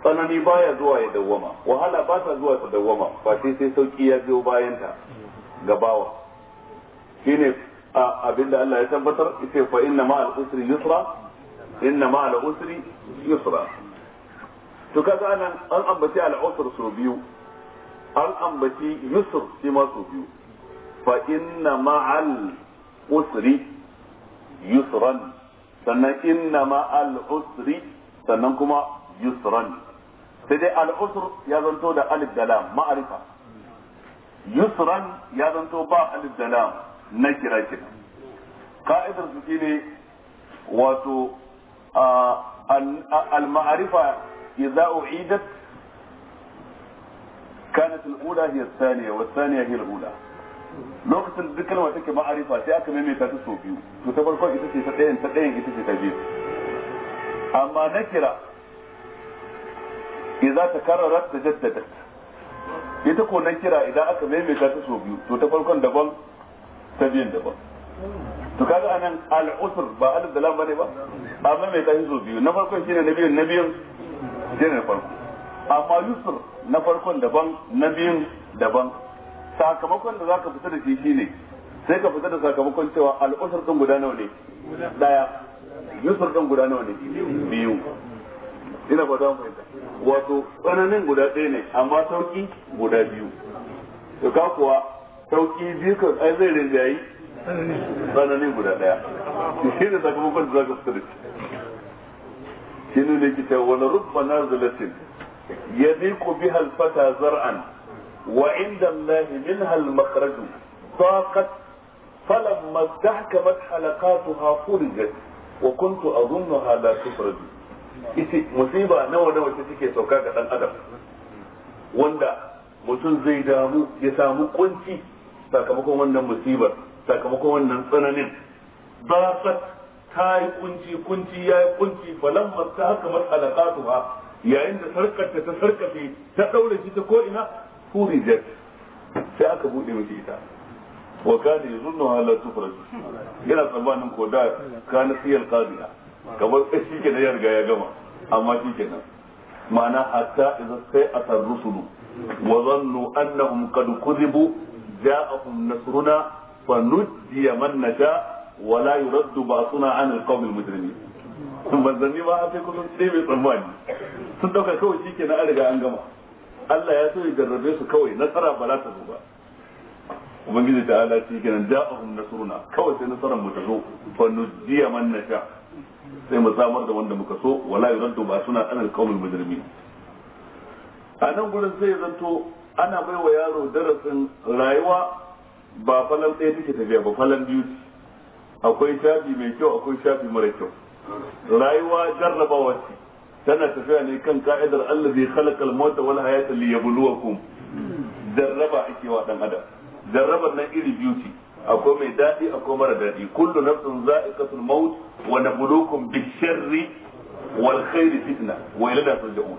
S1: tsanani baya zuwa ya dawwama wahala ba ta zuwa ta dawwama ba sai sai sauki ya biyo bayanta gabawa Abin da Allah ya tabbatar yace fa inna ma'al usri yusra inna ma'al usri yusra to kaga anan an ambaci al usr so biyu an ambaci yusr shi ma so biyu fa inna ma'al usri yusran sannan inna ma'al usri sannan kuma yusran sai dai al usr ya zanto da alif da lam ma'arifa yusran ya zanto ba alif da lam na kira kira ka'idar su ne, wato al-ma'arifa idza u'idat kanat al-ula hiya ath-thaniya wa ath-thaniya hiya al-ula lokacin da kalma take ma'arifa sai aka maimaita ta so biyu to ta farkon ita ce ta ɗayan ta ɗayan ita ce ta biyu amma na kira idan ta karrara ta jaddada ita ko na kira idan aka maimaita ta so biyu to ta farkon daban ta biyan daban to kaga anan al-usr ba alif da lam bane ba amma mai kashi so biyu na farkon shine na biyun na biyun shine na farko amma yusr na farkon daban na biyun daban sakamakon da zaka fita da shi shine sai ka fita da sakamakon cewa al-usr din guda nawa ne daya yusr din guda nawa ne biyu ina ba za fahimta wato tsananin guda ɗaya ne amma sauki guda biyu to ka kuwa sauki biyu kan ai zai rinjayi
S2: tsananin
S1: guda daya shi ne sakamakon da za ka fita da
S2: shi
S1: shi ne ne kita wani rubba na zulatin ya ku bi halfata zar'an wa inda Allah min hal halmakaraju faqat فلما استحكمت حلقاتها فرجت وكنت اظنها لا تفرج ita musiba nawa nawa ta take sauka ga dan adam wanda mutum zai damu ya samu kunci sakamakon wannan musibar sakamakon wannan tsananin dafat ta yi kunci kunci ya yi kunci falan ta haka matsalakatu ha yayin da sarkarta ta sarkafe ta daura shi ta ko'ina hurijat sai aka bude miki ita wa kana yazunnu ala tufraj yana tsammanin ko da kana siyal qadiya kamar sai shi da ya ya gama amma shi nan. ma'ana hatta idza sai asar rusulu wa zannu annahum qad kudhibu ja'ahum nasruna fanuddiya man nasha wa la yuraddu ba'suna 'an al-qawm al-mujrimin manzanni ba sai kullum sai mai tsammani sun dauka kawai shi kenan an riga an gama Allah ya so ya jarrabe su kawai nasara ba za ta zo ba ubangiji ta ala shi kenan ja'ahum nasruna kawai sai nasarar mu ta zo fa nujiya man nasha sai mu samar da wanda muka so wala yuraddu ba suna anal qaumul mujrimin a nan gurin sai zanto ana bai wa yaro darasin rayuwa ba falon ɗaya take tafiya ba falon biyu akwai shafi mai kyau akwai shafi mara kyau rayuwa jarrabawa ce tana tafiya ne kan ka'idar Allah zai khalaqa al-mauta wal hayata liyabluwakum jarraba ake wa dan adam jarrabar nan iri biyu ce akwai mai daɗi akwai mara daɗi kullu nafsin za'iqatul maut wa nabluukum bish-sharri wal khairi fitna wa ilayna turja'un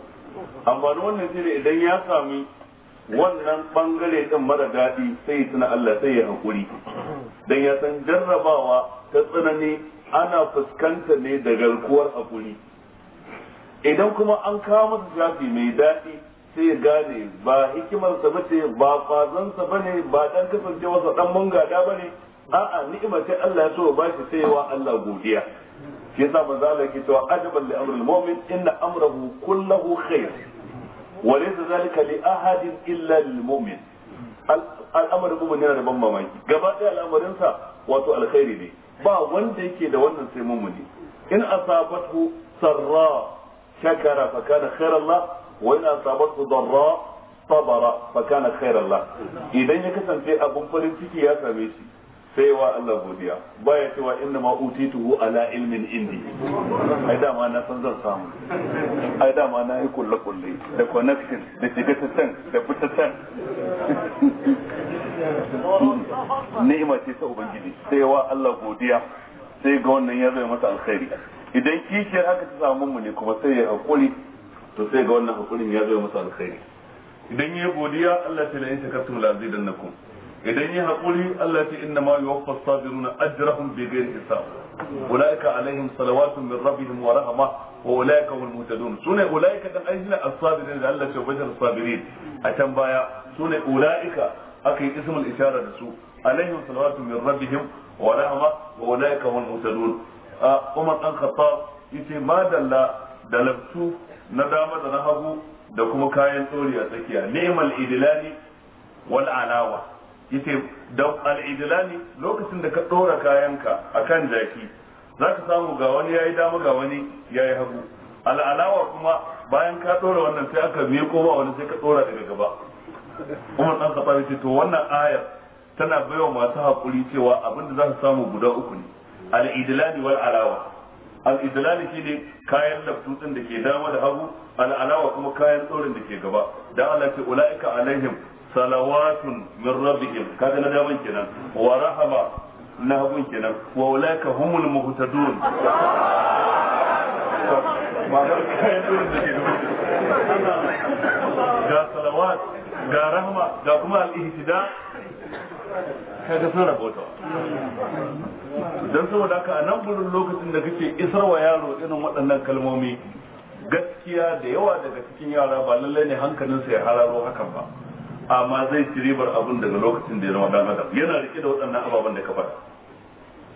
S1: amma wannan shine idan ya sami wannan bangare ɗin mara daɗi sai tuna Allah sai ya haƙuri Don ya san jarrabawa ta tsanani ana fuskanta ne da garkuwar haƙuri idan kuma an kawo masa shafi mai daɗi sai gane ba hikimarsa ba ce ba kwazansa ba ne ba dan kasancewarsa dan mangada ba ne a'a ni'imar ta Allah ya so ba shi sai wa Allah godiya shi yasa manzo Allah ke cewa ajaban li amrul mu'min inna amrahu kullahu khair وليس ذلك لأحد إلا المؤمن al'amarin mumin yana da ban gaba ɗaya al'amarinsa wato alkhairi ne ba wanda yake da wannan sai mumuni in asabatu sarra shakara fa kana khairan la wa in sabara fa kana idan ya kasance abun farin ciki ya same shi sai wa Allah godiya baya cewa inna ma utituhu ala ilmin indi ai dama na san zan samu ai dama na yi kulle kulle da connection da shiga ta can da fita can ni'ima ce ta ubangiji sai wa Allah godiya sai ga wannan ya zai masa alkhairi idan kishiyar haka ta samu mu ne kuma sai ya hakuri to sai ga wannan hakurin ya zai masa alkhairi idan ya godiya Allah ta la yin kasu lazidan nakum idan yi haƙuri Allah ce inna ma yuwaffa sabiruna ajrahum bi ghairi hisab ulaika alaihim salawatun min rabbihim wa rahama, wa ulaika hum muhtadun sune ulaika dan ajina as-sabirin da Allah ce bashar sabirin a can baya sune ulaika aka yi ismul ishara da su alaihim salawatun min rabbihim wa rahama, wa ulaika mutadun. muhtadun Umar dan Khattab yace ma dalla da labtu na dama da na hagu da kuma kayan tsori a tsakiya ni'mal idlali wal alawa yace da al lokacin da ka dora kayanka akan jaki zaka samu ga wani yayi dama ga wani yayi hagu al'alawa kuma bayan ka dora wannan sai aka ko ba wani sai ka dora daga gaba Umar dan Khattab yace to wannan ayar tana baiwa masu hakuri cewa abinda za su samu guda uku ne al wal alawa al shine kayan laftutsin da ke dama da hagu al'alawa kuma kayan tsorin da ke gaba Da Allah ce ulaika alaihim صلوات min ربهم كذا na daman kenan wa rahama na hagun kenan wa ba ga da salawat rahama ga kuma
S2: kaga sun rabota
S1: don saboda haka a nan lokacin da kake isarwa yaro irin waɗannan kalmomi gaskiya da yawa daga cikin yara ba lallai ne hankalinsa ya hararo hakan ba amma zai ci ribar abin daga lokacin da ya zama dan adam yana rike da waɗannan ababen da ka faɗa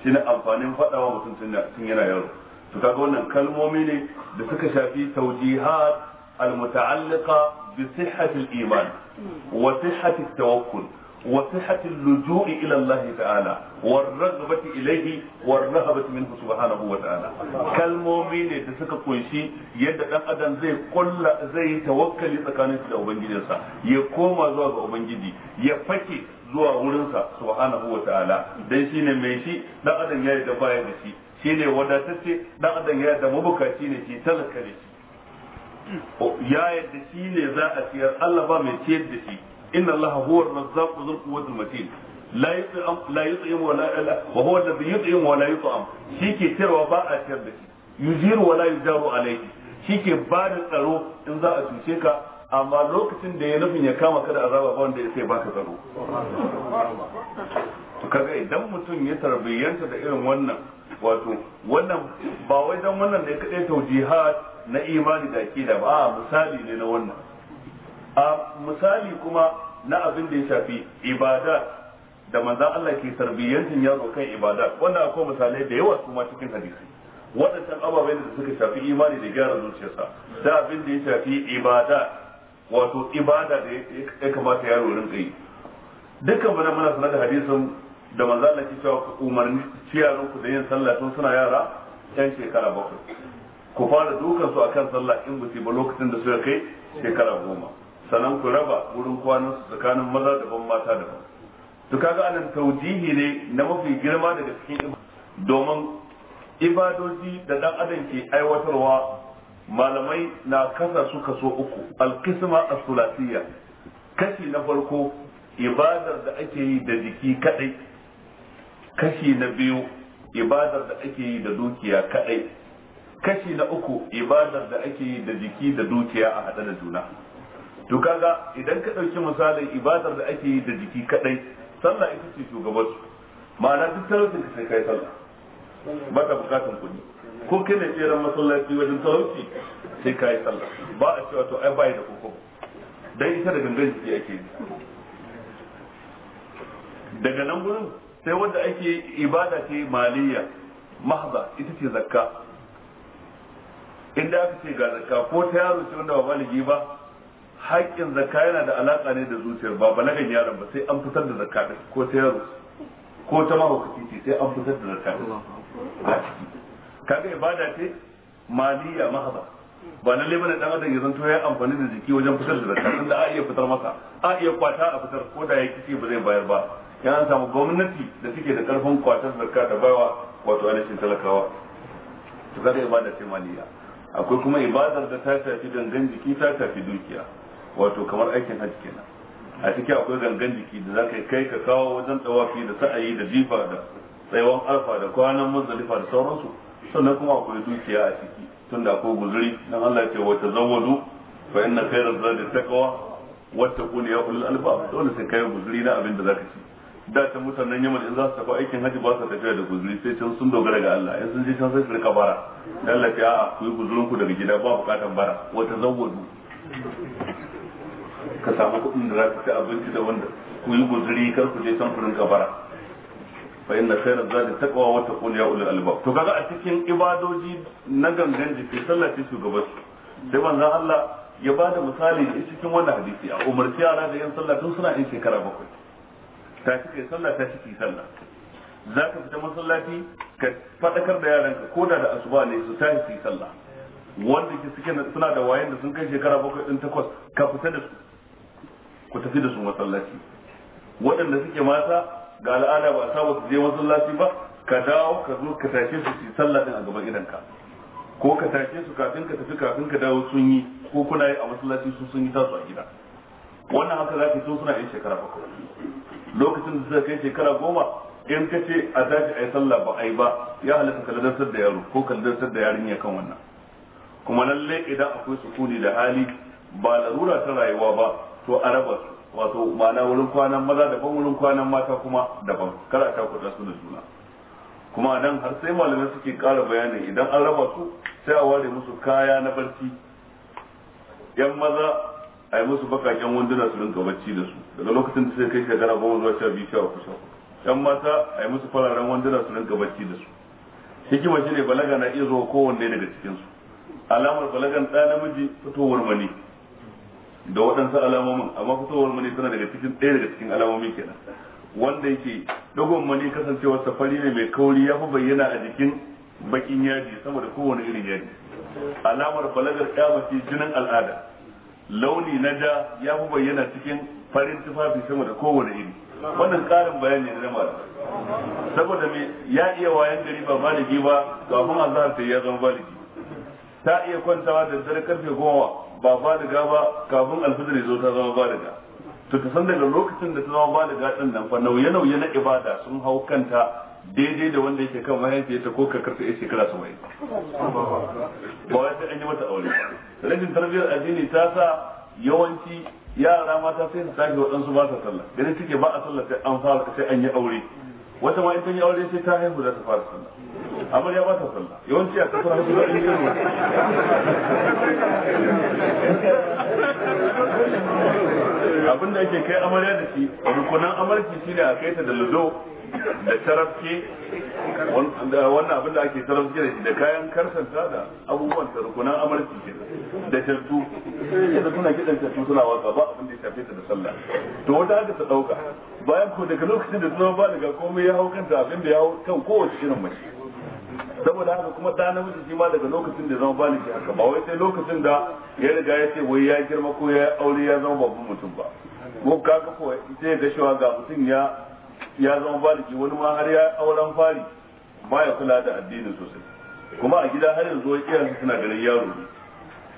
S1: shine amfanin faɗawa mutum tun yana yaro to kaga wannan kalmomi ne da suka shafi tawjihat al-muta'alliqa bi sihhati al-iman wa sihhati tawakkul وصحة اللجوء إلى الله تعالى والرغبة إليه والرهبة منه سبحانه وتعالى كالمؤمن يتسكى كويشي يد أدم زي كل زي توكل يتكاني سيدا أبنجدسا يقوم زواب أبنجدي يفكي زوا ورنسا سبحانه وتعالى دي شيني ميشي دا أدم يا دبايا دشي شيني وداتتي دا أدم يا دمبكا شيني شي تلك دشي ya yadda shi ne za a ciyar Allah ba mai ciyar da shi inna الله هو الرزاق ذو dhul المتين لا يطعم la يطعم ولا لا wa الذي wa ولا يطعم yut'im wa la yut'am shike tirwa ba a tir da shi yujiru wa la yujaru alayhi shike ba da tsaro in za a cuce ka amma lokacin da ya nufin ya kama ka da azaba kaga idan mutum ya tarbiyyanta da irin wannan wato wannan ba wai dan wannan ne kadai taujihat na imani da akida ba a misali ne na wannan a misali kuma na abin da ya shafi ibada, da manzan Allah ke tarbiyyancin yaro kan ibada, wanda akwai misalai da yawa kuma cikin hadisi waɗancan ababen da suka shafi imani da gyara zuciyarsa da abin da ya shafi ibada wato ibada da ya kamata yaro rinka yi dukkan bana muna sanar da hadisin da manzan Allah ke cewa umarni ciyaron ku da yin sallah tun suna yara yan shekara bakwai ku fara dukan su akan sallah in ba ba lokacin da suka kai shekara goma sannan ku raba wurin kwanan su tsakanin maza daban mata daban to kaga anan taujihi ne na mafi girma daga cikin domin ibadoji da dan adam ke aiwatarwa malamai na kasa su kaso uku alkisma as-sulasiyya kashi na farko ibadar da ake yi da jiki kadai kashi na biyu ibadar da ake yi da dukiya kadai kashi na uku ibadar da ake yi da jiki da dukiya a haɗe da juna to kaga idan ka ɗauki misalin ibadar da ake yi da jiki kadai sallah ita ce shugaban su ma'ana duk talaucin ka sai kai sallah ba ta bukatan kuɗi ko kai ne tseren masallaci wajen talauci sai kai sallah ba a cewa to ai yi da koko dan ita da gangan jiki ake yi daga nan gurin sai wanda ake ibada ce maliyya mahza ita ce zakka inda aka ce ga zakka ko ta yaro ce wanda ba baligi ba haƙƙin zakka yana da alaƙa ne da zuciyar ba balagan yaron ba sai an fitar da zakka ko ta yaro ko ta mahaukaci ce sai an fitar da zakka a ciki kaga ibada ce maliya mahaba ba na bane dan adam ya zanto ya amfani da jiki wajen fitar da zakka tunda a iya fitar masa a iya kwata a fitar ko da ya kici ba zai bayar ba yana samu gwamnati da take da ƙarfin kwatar zakka da bawa wato ainihin talakawa to kaga ibada ce maliya akwai kuma ibadar da ta shafi gangan jiki ta shafi dukiya wato kamar aikin hajji kenan a ciki akwai gangan jiki da zaka kai ka kawo wajen tsawafi da sa'ayi da jifa da tsayawan alfa da kwanan muzdalifa da sauransu sannan kuma akwai dukiya a ciki tunda akwai guzuri dan Allah ce wata zawadu fa inna khayra zadi taqwa wattaquni ya ulul albab dole sai kai guzuri na abin da zaka ci da ta mutanen yamma in za su tafi aikin hajji ba su tafiya da guzuri sai can sun dogara ga Allah in sun je can sai su rika bara dan Allah ya a ku yi guzurin ku daga gida ba bukatan bara wata zawadu ka samu kuɗin da za ka ci abinci da wanda ku yi guzuri kar ku je can kurin kabara fa inna khairaz zadi taqwa wa taqul ya ulul albab to kaga a cikin ibadoji na gangan jiki sallah ce shugaban sai manzo Allah ya ba da misali da cikin wannan hadisi a umarci yara da yin sallah tun suna yin shekara bakwai ta cike sallah ta cike sallah za ka fita masallaci ka faɗakar da yaranka ko koda da asuba ne su tashi su yi sallah wanda ke suke suna da wayan da sun kai shekara bakwai ɗin takwas ka fita da su ku tafi da su masallaci waɗanda suke mata ga al'ada ba sa ba su je masallaci ba ka dawo ka zo ka tashe su su sallah din a gaban gidanka ko ka tashe su kafin ka tafi kafin ka dawo sun yi ko kuna yi a masallaci sun sun yi tasu a gida wannan haka za ka yi suna yin shekara bakwai lokacin da suka kai shekara goma in ka ce a tashi a yi sallah ba a yi ba ya halatta kaladarsar da yaro ko kaladarsar da yarinya kan wannan kuma lallai idan akwai sukuni da hali ba larura ta rayuwa ba to a raba su wato ma'ana wurin kwanan maza daban wurin kwanan mata kuma daban kar a takuta su da juna kuma nan har sai malamai suke ƙara bayani idan an raba su sai a ware musu kaya na barci yan maza a yi musu bakakken wanduna su rinka barci da su daga lokacin da sai kai shekara goma zuwa sha biyu sha uku sha yan mata a yi musu fararen wanduna su rinka barci da su hikima shine balaga na iya zuwa kowanne daga cikinsu alamar balagan ɗa namiji fitowar mani da waɗansu alamomin amma fitowar mani tana daga cikin ɗaya daga cikin alamomin kenan wanda yake dogon mani kasancewar safari ne mai kauri ya fi bayyana a jikin bakin yaji saboda kowane irin yaji alamar balagar kyamaci jinin al'ada launi na ja ya fi bayyana cikin farin tufafi sama da kowane iri wannan karin bayani ne na malam saboda me ya iya wayan gari ba baligi ba kafin azhar sai ya zama baligi ta iya kwantawa da dare karfe goma ba baliga ba kafin alfijir zo ta zama baliga to ta san daga lokacin da ta zama baliga din nan fa nauye nauye na ibada sun hau kanta daidai da wanda yake kan ta, ko karfe ya shekara su mai ba wai sai an yi mata aure rashin tarbiyyar addini ta sa yawanci yara mata sai su tashi waɗansu ba sa sallah ganin suke ba a sallah sai an fara sai an yi aure wata ma in ta yi aure sai ta haihu za ta fara sallah amarya ba ta sallah yawanci a kasar hausa da in kano abin da ake kai amarya da shi rukunan amarki ne a kai ta da ludo da tarafke wannan abin da ake tarafke da shi da kayan karsanta da abubuwan rukunan amarci ke da tattu da suna kiɗan tattu suna waka ba abin da ya shafe ta da sallah to wata haka ta ɗauka bayan ko daga lokacin da suna ba daga komai ya hau kanta abin da ya hau kan kowace irin mace saboda haka kuma da namiji shi ma daga lokacin da zama baliki haka ba wai sai lokacin da ya riga ya ce wai ya girma ko ya aure ya zama babban mutum ba ko kaka ko sai ga cewa ga mutum ya ya zama baliki wani ma har ya auren fari baya kula da addini sosai kuma a gida har yanzu iyayen suna ganin yaro ne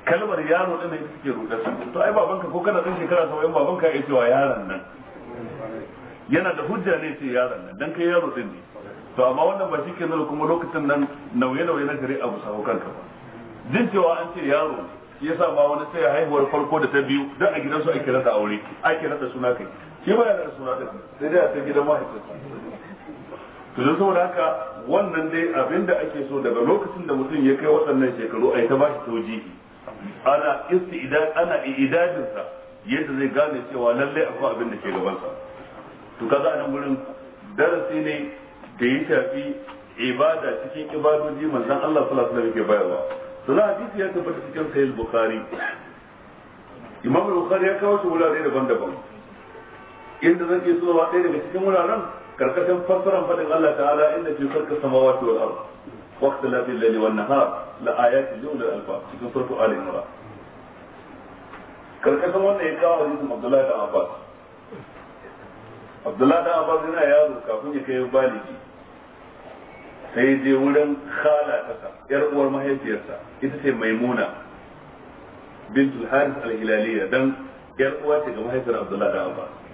S1: kalmar yaro din da suke rudar su to ai babanka ko kana dan shekara 70 babanka ya cewa yaron nan yana da hujja ne ce yaron nan dan kai yaro din ne to amma wannan ba shike nuna kuma lokacin nan nauye-nauye na gari abu sa kanka ba jin cewa an ce yaro yasa ma wani sai haihuwar farko da ta biyu dan a gidansu ake rasa aure ake rasa suna kai shi ba yana da suna da sai dai a san gidan mahaifinsa to saboda haka wannan dai abin da ake so daga lokacin da mutum ya kai waɗannan shekaru a yi ta bashi taujihi ana idan ana idadinsa yadda zai gane cewa lallai akwai abin da ke gabansa to kaga a nan gurin darasi ne da ya tafi ibada cikin ibadoji manzon Allah sallallahu alaihi wasallam ke bayarwa to hadisi ya tabbata cikin sahih bukhari imam bukhari ya kawo shi wurare daban-daban inda zan iya zuwa ɗaya daga cikin wuraren karkashin fassaran faɗin Allah ta'ala inda ke sarka samawati wal ardh waqta la bil layli wan nahar la ayati lil alfa cikin suratu ali imran karkashin wannan ya kawo hadisin Abdullahi da Abbas Abdullahi da Abbas yana yaro kafin ya kai baliki sai je wurin khala ta yar uwar mahaifiyarsa ita ce maimuna bintul haris al-hilaliya dan yar uwa ce ga mahaifiyar Abdullahi da Abbas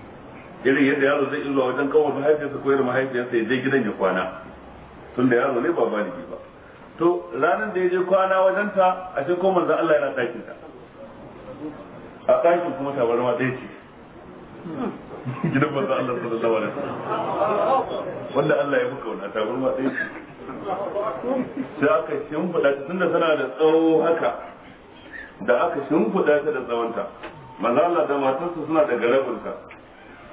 S1: irin yadda yaro zai zuwa wajen kawar mahaifiyarsa ko irin mahaifiyarsa ya je gidan ya kwana tun da yaro ne ba baligi ba to ranar da ya je kwana wajen ta a ce ko manzon Allah yana ɗakin ta a ɗakin kuma tabarma ɗaya ce gidan manzon Allah su da wasallam wanda Allah ya buka wannan tabarma ɗaya ce sai aka shimfiɗa ta da tana da tsawo haka da aka shimfiɗa ta da tsawonta manzon Allah da matarsa suna da garabinta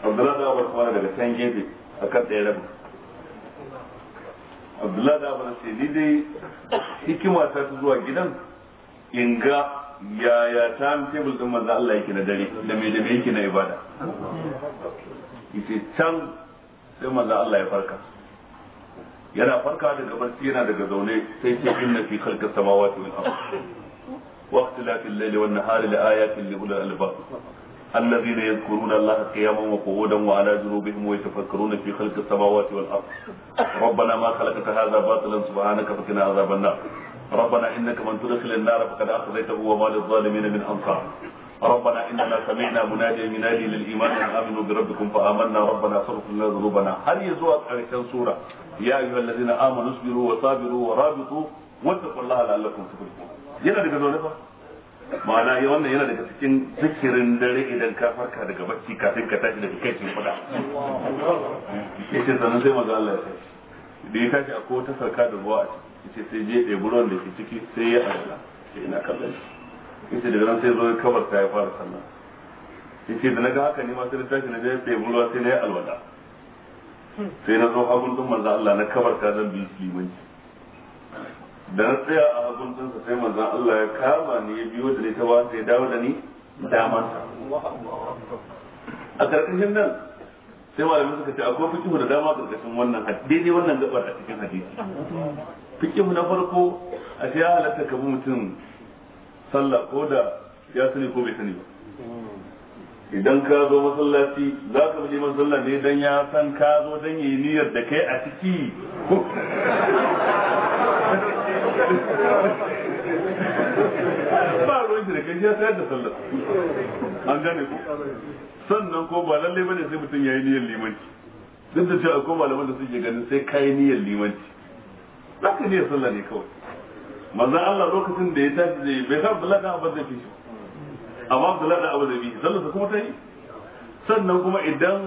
S1: abdullahi da abu kawai daga can gefe a kan ɗaya rabin abdullahi da abu sai ni dai hikima ta fi zuwa gidan in ga yaya time table din manzo Allah yake na dare da me da me yake na ibada yace can sai manzo Allah ya farka yana farka daga barci yana daga zaune sai ce inna fi khalqis samawati wal ardi waqtilatil layli wan nahari laayatin li ulil albab الذين يذكرون الله قياما وقعودا وعلى جنوبهم ويتفكرون في خلق السماوات والارض ربنا ما خلقت هذا باطلا سبحانك فقنا عذاب النار ربنا انك من تدخل النار فقد اخذيته وما للظالمين من انصار ربنا اننا سمعنا مناديا ينادي للايمان ان امنوا بربكم فامنا ربنا فاغفر لنا ذنوبنا هل يزوى كان سوره يا ايها الذين امنوا اصبروا وصابروا ورابطوا واتقوا الله لعلكم تفلحون يلا دغ زونه ma'ana yi eh, wannan yana daga cikin zikirin dare idan ka farka daga bacci kafin ka tashi daga kai cikin fada ya ce sannan sai maza Allah ya ce da ya tashi a kowata sarka da ruwa a ciki ce sai je ɗebi ruwan da ke ciki sai ya adala sai ina kallon shi ya ce daga nan sai zo ya kabar ta ya fara sannan ya ce da na ga haka ne ma sai da tashi na je ɗebi ruwa sai na yi alwada sai na zo hagun ɗin manzo Allah na kabar ta zan bi limanci da na tsaya a haguntunsa sai manzan Allah ya kama ni ya biyo da ni ta wasu ya dawo da ni ta. a ƙarƙashin nan sai malamin suka ce akwai fikihu da dama ƙarƙashin wannan daidai wannan gabar a cikin hadisi fikihu na farko a ce ya halatta ka bi mutum sallah ko da ya sani ko bai sani ba idan ka zo masallaci za ka bude masallaci ne dan ya san ka zo dan yi niyyar da kai a ciki ba ruwan shi da kai ya da sallar an gane ku sannan ko ba lallai bane sai mutum yayi niyyar limanci duk da cewa akwai malaman da suke ganin sai kai niyyar limanci za ka niyyar sallah ne kawai maza Allah lokacin da ya tashi zai bai san Abdullahi da Abba zai fi shi amma Abdullahi da Abba zai fi sallar sa kuma ta yi sannan kuma idan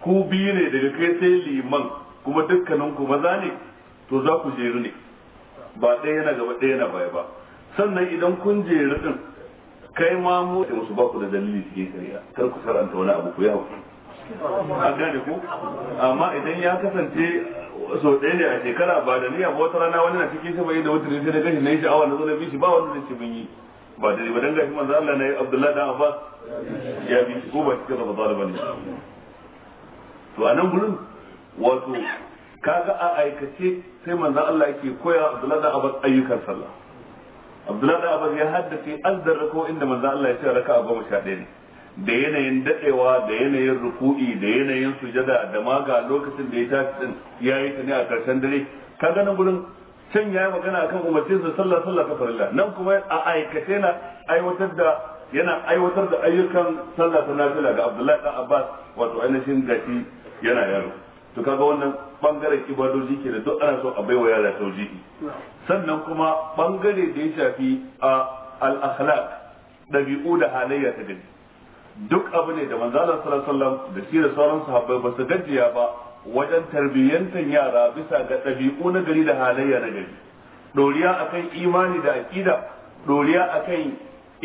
S1: ku biyu ne daga kai sai liman kuma dukkaninku maza ne to za ku jeru ne ba ɗaya yana gaba ɗaya yana baya ba sannan idan kun je ɗin kai ma mu da musu ba ku da dalili cikin kariya kar ku saranta wani abu ku yi an a gane ku amma idan ya kasance sau ɗaya ne a shekara ba da niyya ba wata rana wani na cikin shi bai da wutar sai da gashi na yi sha'awa na zo na bi shi ba wanda zai ci bin yi ba da ba dan gashi manzo Allah na yi Abdullahi dan Abbas ya bi ko ba cikin Ramadan ba ne to anan gurin wato kaga a aikace sai manzon Allah yake koya Abdullahi da Abbas ayyukan sallah Abdullahi da Abbas ya haddace azzar rako inda manzon Allah ya ce raka'a goma sha ɗaya ne da yanayin dadewa da yanayin ruku'i da yanayin sujada da maga lokacin da ya tashi din ya yi ta ne a karshen dare ka ganin gurin can ya yi magana akan umarci su sallah sallah ta farilla nan kuma a aikace na aiwatar da yana aiwatar da ayyukan sallah ta nafila ga Abdullahi da Abbas wato ainihin gashi yana yaro to kaga wannan bangaren ibadoji ke da duk ana so a baiwa yara tauji'i sannan kuma bangare da ya shafi a al dabi'u da halayya ta gani duk abu ne da manzalar sallallahu alaihi da shi da sauran sahabbai ba su gajiya ba wajen tarbiyyantar yara bisa ga ɗabi'u na gari da halayya na gari doriya akan imani da aƙida doriya akan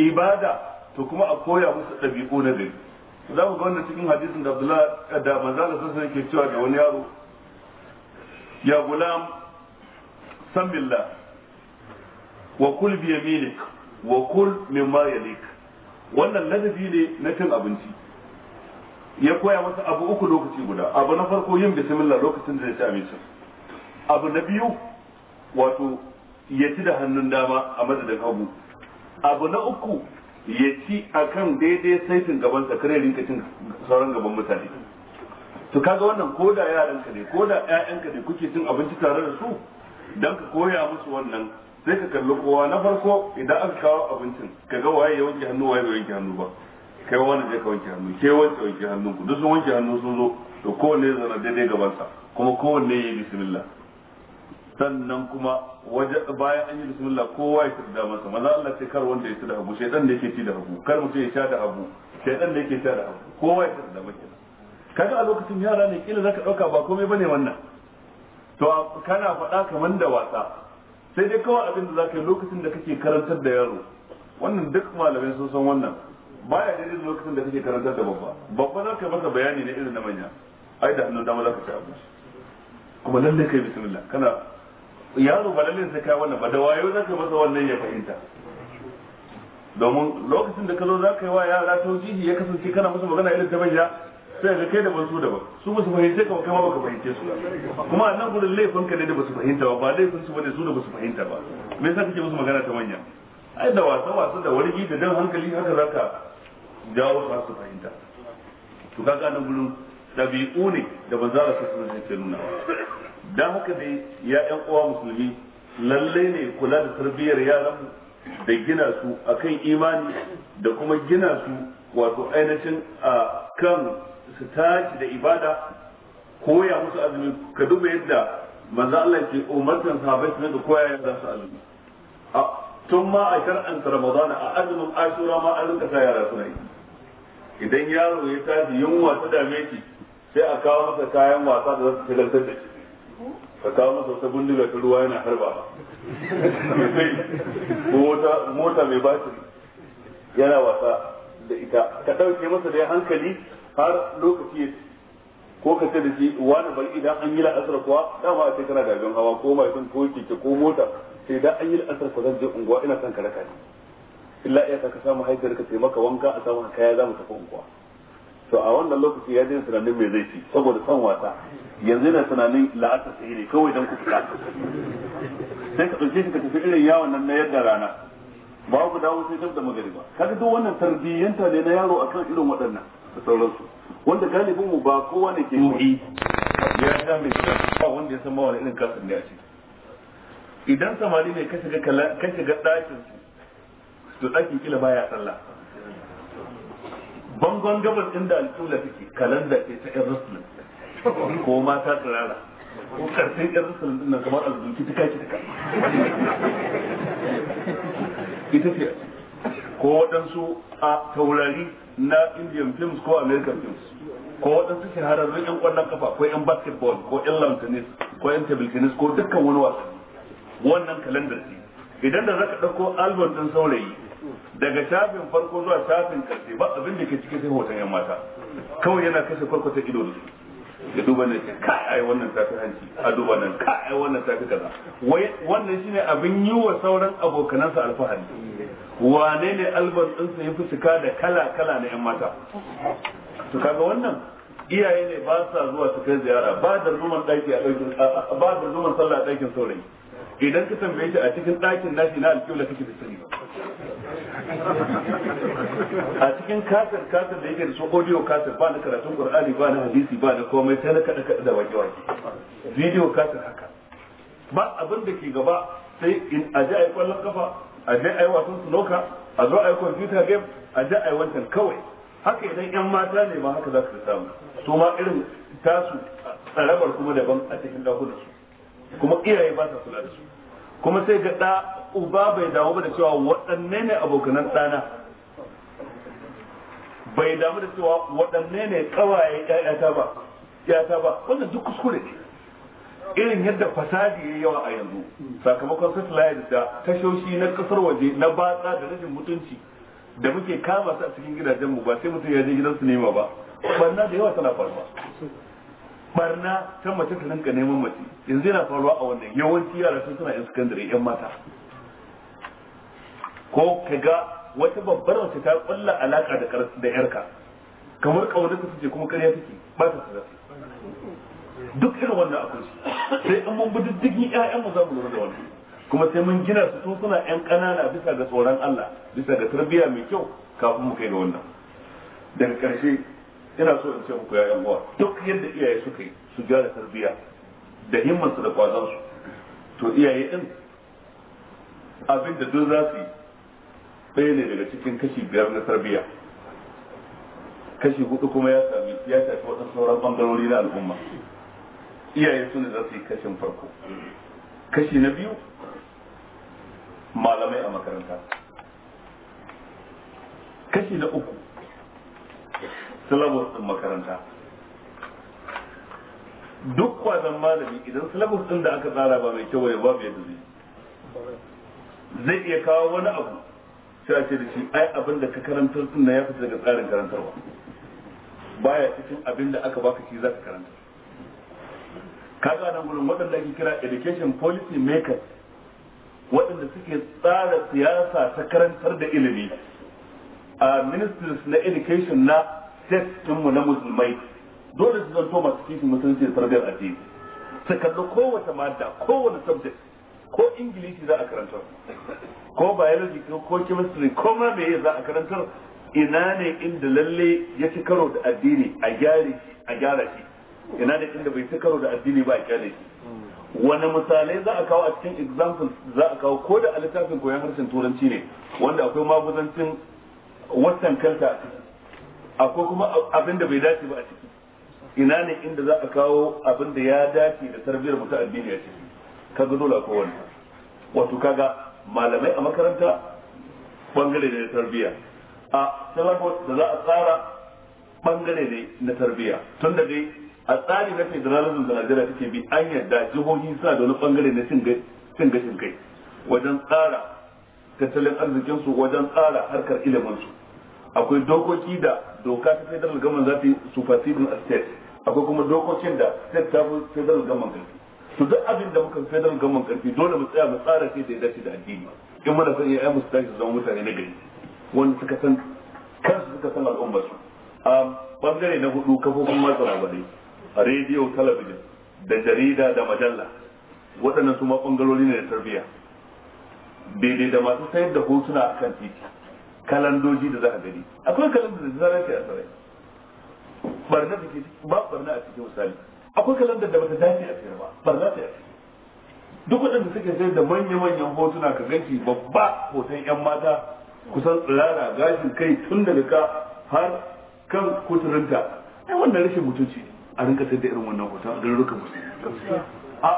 S1: ibada to kuma a koya musu ɗabi'u na gari za ku ga wannan cikin hadisin da Abdullah da manzala sassa ke cewa da wani yaro ya gulam san billah wa kul bi yaminik wa kul mimma yalik wannan ladabi ne na cin abinci ya koya masa abu uku lokaci guda abu na farko yin bismillah lokacin da ya ci abincin abu na biyu wato ya ci da hannun dama a madadin hagu abu na uku ya ci a kan daidai saifin gabansa kare rinka cin sauran gaban mutane to kaga wannan ko da yaranka ne ko da ƴaƴanka ne kuke cin abinci tare da su dan ka koya musu wannan sai ka kalli kowa na farko idan aka kawo abincin ka ga waye ya wanke hannu waye bai wanke hannu ba kai wani je ka wanke hannu ke wanke wanke hannun ku duk sun wanke hannu sun zo to kowanne zana daidai gabansa kuma kowanne ya yi bismillah sannan kuma waje bayan an yi bismillah kowa ya tada masa maza Allah ce kar wanda ya tada hagu shaytan da yake ci da hagu kar mutum ya sha da hagu shaytan da yake sha da hagu kowa ya tada masa kaga a lokacin yara ne kila zaka dauka ba komai bane wannan to kana faɗa kaman da wasa sai dai kawai abin da zaka yi lokacin da kake karantar da yaro wannan duk malamai sun san wannan baya daidai lokacin da kake karantar da babba babba zaka masa bayani ne irin na manya ai da hannun dama ka ci abu. kuma lallai kai bismillah kana yaro ba lalle sai kai wannan ba da wayo zaka masa wannan ya fahimta domin lokacin da ka zo zaka yi wa yara taujihi ya kasance kana musu magana irin ta manja sai ga kai da ban su daban su ba su fahimce ka kai ma baka fahimce
S2: su kuma
S1: annan gurin laifin ka ne da ba su fahimta ba ba laifin su bane su da ba su fahimta ba me yasa kake musu magana ta manya ai da wasa wasa da wargi da dan hankali haka zaka jawo su su fahimta to kaga nan gurin dabi'u ne da manzara su sun ce nuna dan haka dai ya ɗan uwa musulmi lalle ne kula da tarbiyyar yaran da gina su akan imani da kuma gina su wato ainihin a kan su tashi da ibada koya musu azumi ka duba yadda manzo Allah ke umartan sahabbai su da koya yadda su azumi tun ma a shar'anta ramadana a azumin ashura ma an rinka sa yara suna yi idan yaro ya tashi yunwa ta dame shi sai a kawo masa kayan wasa da za su da shi ka kawo masa wata bindiga ta ruwa yana harba sai wata mota mai batiri yana wasa da ita ka ɗauke masa da hankali har lokaci ko ka ce da shi wani bari idan an yi la'asar kuwa dama a ce kana da abin hawa ko mai sun ko keke ko mota sai da an yi la'asar kuwa zan je unguwa ina son ka raka illa iya ka samu haifar ka taimaka wanka a samu kaya za mu tafi unguwa to a wannan lokaci ya daina tunanin mai zai ci saboda son wasa yanzu yana tunanin la'asa sai ne kawai don ku fita sai ka ɗauke shi ka tafi irin yawon nan na yadda rana Ba ku dawo sai tafi da magariba kaga duk wannan tarbiyyanta ne na yaro akan irin waɗannan da sauransu wanda galibin mu ba kowa ne ke yi ya sha mai ba wanda ya san ma wani irin kasan ya ce. idan samari ne ka shiga ka shiga dakin to dakin kila baya sallah bangon gabas inda alƙula take kalanda ce ta ƴan ko mata tsirara ko karfin ɗan rasulun dinnan kamar arzunki ta kaki ta ita ce ko waɗansu a taurari na indian films ko american films ko waɗansu shahararrun yan ƙwallon kafa ko yan basketball ko yan lawn tennis ko yan table tennis ko dukkan wani wasu wannan kalandar ce idan da zaka ɗauko album ɗin saurayi daga shafin farko zuwa shafin karshe ba abin da ke cikin sai hoton yan mata kawai yana kashe farko ta ido da su ya duba nan ka ai wannan ta fi hanci a duba nan ka ai wannan ta fi kaza wannan shine abin yi wa sauran abokanansa alfahari wane ne albas din ya yafi cika da kala kala na yan mata to kaga wannan iyaye ne ba sa zuwa su kai ziyara ba da zuman daki a ɗaukin ba da zuman sallah a ɗakin saurayi idan ka tambaye shi a cikin ɗakin nashi na alƙibla kake da sani
S2: ba a cikin kasar
S1: kasar da yake da su audio kasar ba na karatun qur'ani ba na hadisi ba na komai sai na kada kada da wake
S2: wake
S1: video kasar haka ba abin da ke gaba sai in a ji ai kwallon kafa a ji ai wasan snooker a zo ai computer game a ji ai wancan kawai haka idan yan mata ne ma haka za ka samu su ma irin tasu tsarabar kuma daban a cikin dakunan su kuma iyaye ba sa kula da su kuma sai ga da uba bai damu ba da cewa waɗanne ne abokanan ɗana bai damu da cewa waɗanne ne ƙawaye ƴaƴata ba ƴaƴata ba wannan duk kuskure ne irin yadda fasadi ya yawa a yanzu sakamakon satellite da tashoshi na kasar waje na batsa da rashin mutunci da muke kama su a cikin gidajenmu ba sai mutum ya je gidansu nema ba banna da yawa tana faruwa barna ta mace ta rinka neman mace yanzu yana faruwa a wannan yawanci yara sun suna yan sakandare yan mata ko ka ga wata babbar mace ta kulla alaka da da yarka kamar kaunar ta suke kuma ƙarya take ba ta tsara duk irin wannan akwai shi sai in mun bi diddigin ƴaƴan mu za mu lura da wannan kuma sai mun gina su tun suna 'yan ƙanana bisa ga tsoron Allah bisa ga tarbiyya mai kyau kafin mu kai ga wannan daga ƙarshe ina so in ce muku yan uwa duk yadda iyaye suka yi su gyara tarbiyya da himmansu da kwazansu to iyaye din abin da duk za su yi ne daga cikin kashi biyar na tarbiyya kashi hudu kuma ya sami ya shafi wata sauran bangarori na al'umma iyaye su ne za su yi kashin farko kashi na biyu malamai a makaranta kashi na uku syllabus din makaranta duk kwazon malami idan syllabus din da aka tsara ba mai kyau ba bai yadda zai zai iya kawo wani abu sai a ce da shi ai abin da ka karantar din ya fita daga tsarin karantarwa baya cikin abin da aka baka shi zaka karanta kaga nan gurin waɗanda ake kira education policy makers waɗanda suke tsara siyasa ta karantar da ilimi a ministries na education na state mu na musulmai dole su zanto masu kifin musulunci da tarbiyyar addini su kalli kowace mada kowane subject ko ingilishi za a karantar ko biology ko chemistry ko ma me za a karantar ina ne inda lalle ya ci karo da addini a gyare shi a gyara shi ina ne inda bai ci karo da addini ba a kyale
S2: shi
S1: wani misalai za a kawo a cikin example za a kawo ko da a littafin koyon harshen turanci ne wanda akwai magudancin western culture akwai kuma abin da bai dace ba a ciki ina ne inda za a kawo abin da ya dace da tarbiyyar mutu addini a ciki kaga dole ko wani wato kaga malamai a makaranta bangare ne na tarbiyya a syllabus da za a tsara bangare ne na tarbiyya tun da dai a tsari na federalism da Najeriya take bi an yarda jihohi suna da wani bangare na cin gashin kai wajen tsara tattalin arzikinsu wajen tsara harkar iliminsu akwai dokoki da doka ta federal government za ta yi superseding a state akwai kuma dokokin da state ta fi federal government karfi su duk abin da muka federal gaman karfi dole mu tsaya mu tsara kai da ya dace da addini in mana san iya mu tashi zama mutane na gari wanda suka san kansu suka san al'ummar su a bangare na hudu kafofin masu labarai rediyo talabijin da jarida da majalla waɗannan su ma bangarori ne da tarbiyya daidai da masu sayar da hotuna a kan titi kalandoji da za a gani akwai kalandar da zarar a sarai barna da ke ba barna a cikin misali akwai kalandar da bata dace a cikin ba barna ta yi duk waɗanda suke sai da manya-manyan hotuna ka ganki babba hoton 'yan mata kusan tsirara gashin kai tun daga ka har kan kuturinta ai wannan rashin mutunci a rinka sai da irin wannan hoton a garurukan musu a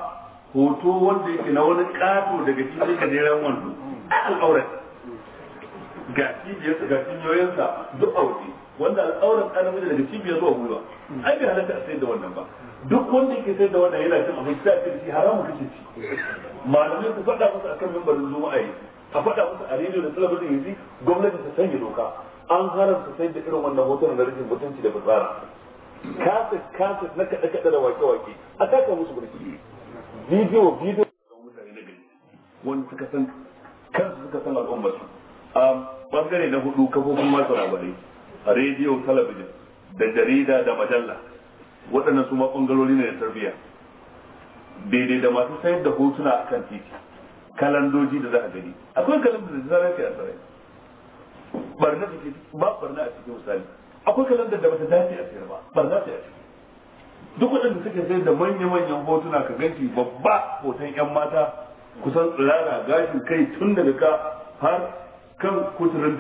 S1: hoto wanda yake na wani ƙato daga cikin gajeren wando a al'aurar ga cibiyarsa ga cibiyoyinsa duk aure wanda al'auran ɗan namiji daga cibiyar zuwa gwiwa ai bai halatta a sayar da wannan ba duk wanda yake sayar da wannan yana cin abinci da ake ci haramun kake ci malamai ku faɗa musu akan mimbarin juma'a yi a faɗa musu a rediyo da talabijin yanzu gwamnati ta sanya doka an haramta sayar da irin wannan hoton na rashin mutunci da fasara kasir kasir na kaɗe kaɗe da wake wake a taka musu burki bidiyo bidiyo mutane na gari wanda suka san kansu suka san al'ummar su um, bangare na hudu kafofin masu labarai a rediyo talabijin da jarida da majalla waɗannan su ma bangarori ne da tarbiyya daidai da masu sayar da hotuna a kan titi kalandoji da za a gani akwai kalandar da zara ke a sarai barna da ke ba barna a cikin misali akwai kalandar da bata dace a sayar ba barna ce a ciki duk waɗanda suke sayar da manya-manyan hotuna ka ganci babba hoton 'yan mata kusan tsirara gashin kai tun daga ka har kan kuturin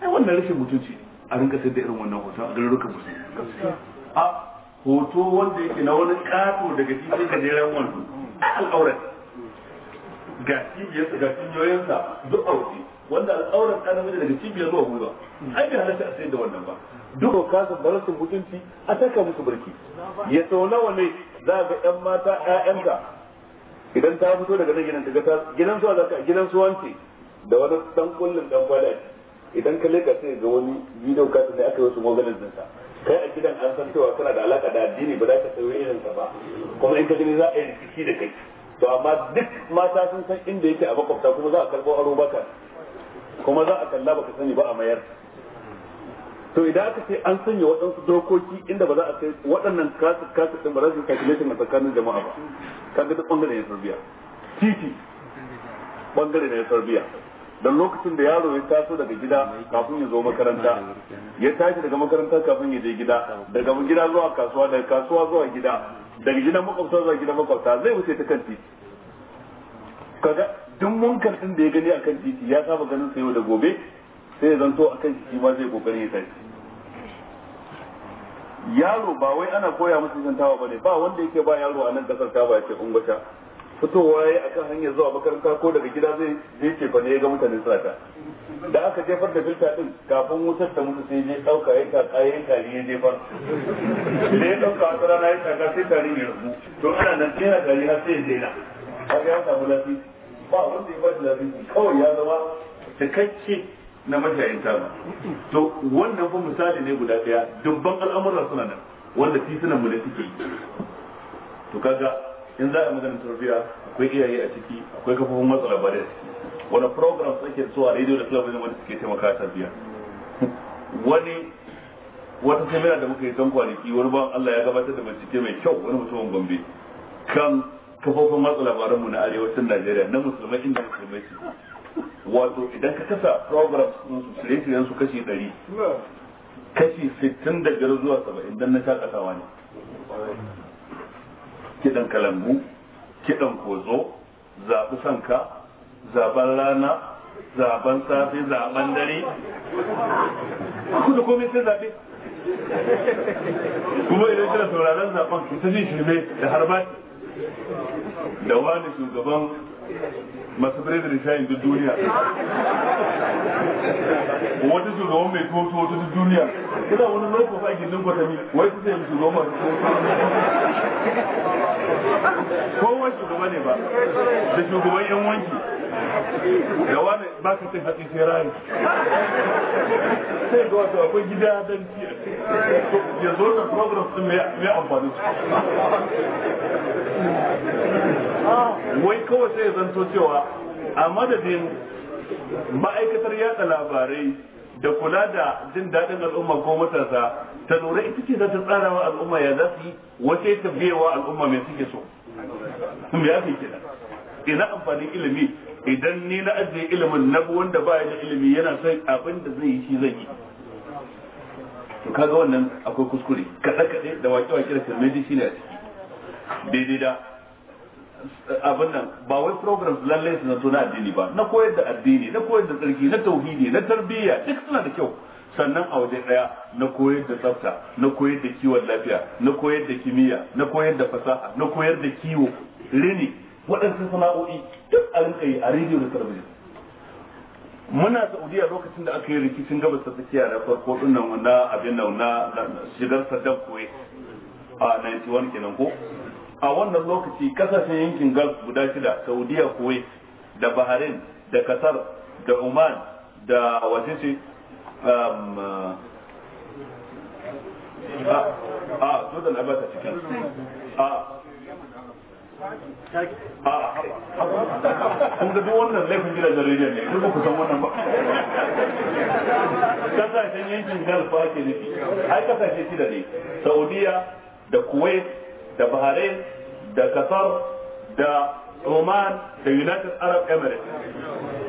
S1: ai wannan rashin mutunci a rinka sai da irin wannan hoton a garuruka musu a hoto wanda yake na wani kato daga cikin gajeren wando al'auran ga cibiyarsa ga cibiyoyinsa duk aure wanda al'auran ɗan namiji daga cibiyar zuwa gwiwa ai bai halatta a sayar da wannan ba duk kasan da rashin mutunci a taka musu barki ya sau nawa ne za ga yan mata ƴaƴanka idan ta fito daga nan gidan ta gidan suwa za ka gidan suwanci da wani dan kullun dan kwalai idan ka leka sai ga wani bidiyo ka da aka yi wasu maganin dinsa kai a gidan an san cewa kana da alaka da addini ba za ka sayo irin ka ba kuma in ka gani za a yi rikici da kai to amma duk mata sun san inda yake a makwabta kuma za a karbo aro baka kuma za a kalla baka sani ba a mayar to idan aka ce an sanya waɗansu dokoki inda ba za a kai waɗannan kasu kasu ba za su calculation a tsakanin jama'a ba kaga duk bangare ne sarbiya titi bangare ne sarbiya dan lokacin da yaro ya taso daga gida kafin ya zo makaranta ya tashi daga makaranta kafin ya je gida daga gida zuwa kasuwa daga kasuwa zuwa gida daga gidan makwabta zuwa gidan makwabta zai wuce ta kan titi kaga duk munkar din da ya gani akan titi ya saba ganin sa yau da gobe sai ya zanto akan titi ma zai kokarin ya tashi yaro ba wai ana koya musu zantawa bane ba wanda yake ba yaro a nan kasar ta ba ya ce ungwata fitowa a kan hanyar zuwa makaranta ko daga gida zai je ce fa ne ya ga mutane sata da aka jefar da filta din kafin wutar ta mutu sai je dauka ya ta kayan tari ya jefar da ya dauka tsara na ya tsaka sai tari ya rabu to ana nan sai ya tari har sai ya daina kaga ya samu lafi ba wanda ya ba shi lafi kawai ya zama cikakke na mashayin tama to wannan fa misali ne guda daya dubban al'amuran suna nan wanda titunan mu ne suke yi to kaga in za a maganin tarbiyya akwai iyaye a ciki akwai kafofin matsa labarai a ciki wani program su ake zuwa radio da talabijin wanda suke taimaka tarbiyya wani wata semina da muka yi can kwanaki wani bawan Allah ya gabatar da bincike mai kyau wani mutumin Gombe kan kafofin matsa labaranmu na arewacin Najeriya na musulmai inda musulmai su wato idan ka kasa program su shirye-shiryen su kashi 100 kashi 60 zuwa 70 don na shakatawa ne kiɗan kalangu kiɗan kozo zaɓi sanka zaɓen rana zaɓen safe zaɓen dare
S2: ku da komai sai zaɓe kuma
S1: idan kina sauraron zaɓen ta ji shirme da harba da wani shugaban masu bire da shayin duk duniya wata shugaban mai tuwo wata duk duniya ina wani lokacin a gindin kwatami wai su sai shugaban masu tuwo kowa shugaba ne ba
S2: da
S1: shugaban yan wanki da wani ba ka cin hatsi sai rani sai ga wata akwai gida don ci ya zo da program sun mai amfani su wai kawai sai ya zanto cewa a madadin ma'aikatar yada labarai da kula da jin daɗin al'umma ko matasa ta lura ita ce za ta tsara wa al'umma ya za su yi wace ta al'umma mai suke so me ya fi kenan ina eh, amfanin ilimi idan ni na ajiye ilimin na wanda ba da ilimi yana son abin da zai yi shi zai yi to kaga wannan akwai kuskure kaɗe kaɗe da waki waki da firmeji shine a ciki daidai da abin nan ba wai program lallai su na na addini ba na koyar da addini na koyar da tsarki na tauhidi na tarbiyya duk suna da kyau sannan a waje daya na koyar da tsafta na koyar da kiwon lafiya na koyar da kimiyya na koyar da fasaha na koyar da kiwo rini waɗansu sana'o'i duk a rinka yi a rediyo da talabijin muna saudiya lokacin da aka yi rikicin gabas ta tsakiya da farko din nan na abin nan na shigar saddam kuwait a 91 kenan ko a wannan lokaci kasashen yankin gulf guda shida saudiya kuwait da bahrain da qatar da oman da wace ce um, uh,
S2: a cikin a kun ga duk wannan laifin gidajen rediyo ne duk ku san wannan ba kasashen
S1: yankin galfa ke nufi ai kasashe shida ne saudiya da kuwait da bahrain da kasar da oman da united arab emirates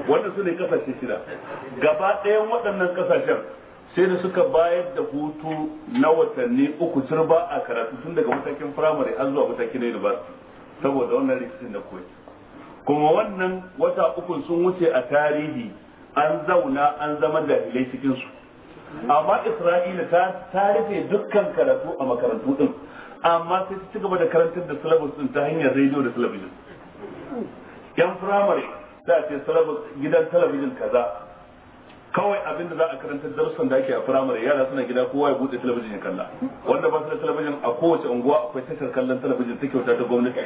S1: wannan su ne kasashe shida gaba ɗayan waɗannan kasashen sai da suka bayar da hutu na watanni uku turba a karatu tun daga matakin firamare har zuwa matakin university saboda wannan rikicin da kuwait kuma wannan wata ukun sun wuce a tarihi an zauna an zama jahilai cikin su amma isra'ila ta ta rufe dukkan karatu a makarantu ɗin, amma sai ta gaba da karantar da syllabus ɗin ta hanyar rediyo da talabijin yan firamare ta ce gidan talabijin kaza kawai abin da za a karanta darussan da ake a firamare yara suna gida kowa ya bude talabijin ya kalla wanda ba su da talabijin a kowace unguwa akwai tashar kallon talabijin ta kyauta ta gwamnati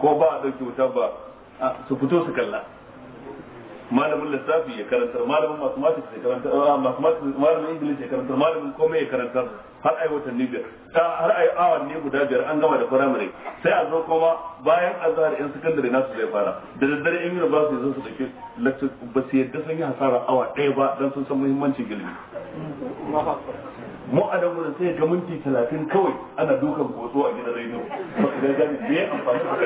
S1: ko ba a ɗauki wuta ba su fito su kalla malamin lissafi ya karantar malamin mathematics ya karantar ah, mathematics malamin english ya karantar malamin komai ya karantar har ai watanni biyar har ai awanni guda biyar an gama da primary sai a zo kuma bayan azhar yan secondary nasu zai fara da daddare in su zo su dake lecture ba su yadda sun yi hasara awa ɗaya ba dan sun san muhimmancin ilimi mu a da sai ga minti talatin kawai ana dukan gotso a gidan rediyo ba da zan biye amfani da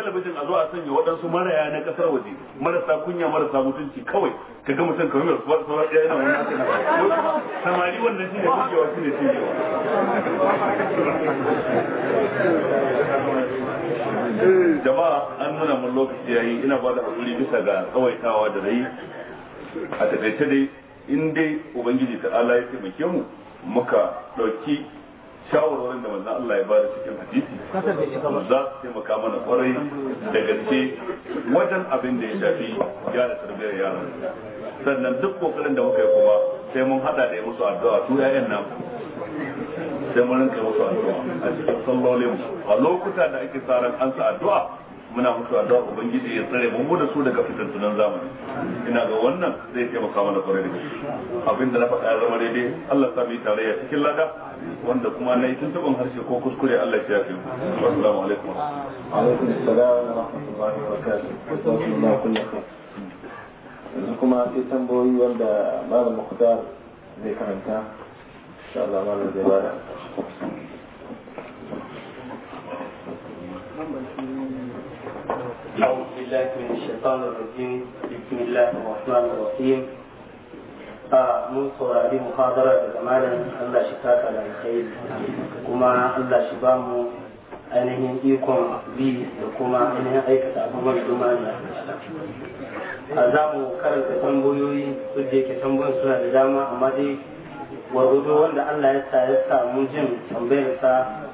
S1: talabijin a zo a sanya waɗansu maraya na ƙasar waje marasa kunya marasa mutunci kawai ka ga mutum kamar su wata sauran ɗaya yana wani samari wannan shi ne kujewa shi ne shi jama'a an nuna mun lokaci yayi ina ba da haƙuri bisa ga tsawaitawa da rayi a taƙaice dai in dai ubangiji ta'ala ya taimake mu muka ɗauki shawarwarin da manzan Allah ya bada cikin hadisi manza su taimaka mana kwarai da gaske wajen abin da ya shafi gyara tarbiyyar yaran sannan duk kokarin da muka yi kuma sai mun hada da musu addu'a su yayan nan sai mun rinka musu addu'a a cikin sallolin a lokuta da ake sa ran an sa addu'a muna mutu a zuwa ubangiji ya tsare mu da su daga fitattunan zamani ina ga wannan zai taimaka mana kwarai da gaske abinda na faɗa zama daidai Allah sami tarayya cikin lada wanda kuma na yi tuntuɓin harshe ko kuskure Allah ya fi assalamu alaikum alaikum assalam wa rahmatullahi wa barakatuh
S2: yanzu kuma sai tambayoyi wanda malam mukhtar zai karanta insha Allah malam zai bada
S3: أعوذ بالله من الشيطان الرجيم بسم mun saurari muhadara daga malam Allah shi taka da alkhairi kuma Allah shi ba mu ainihin ikon bi da kuma ainihin aikata abubuwan lumana a za mu karanta tambayoyi su da yake tambayoyin suna da dama amma dai gwargwado wanda Allah ya sa ya samu jin tambayarsa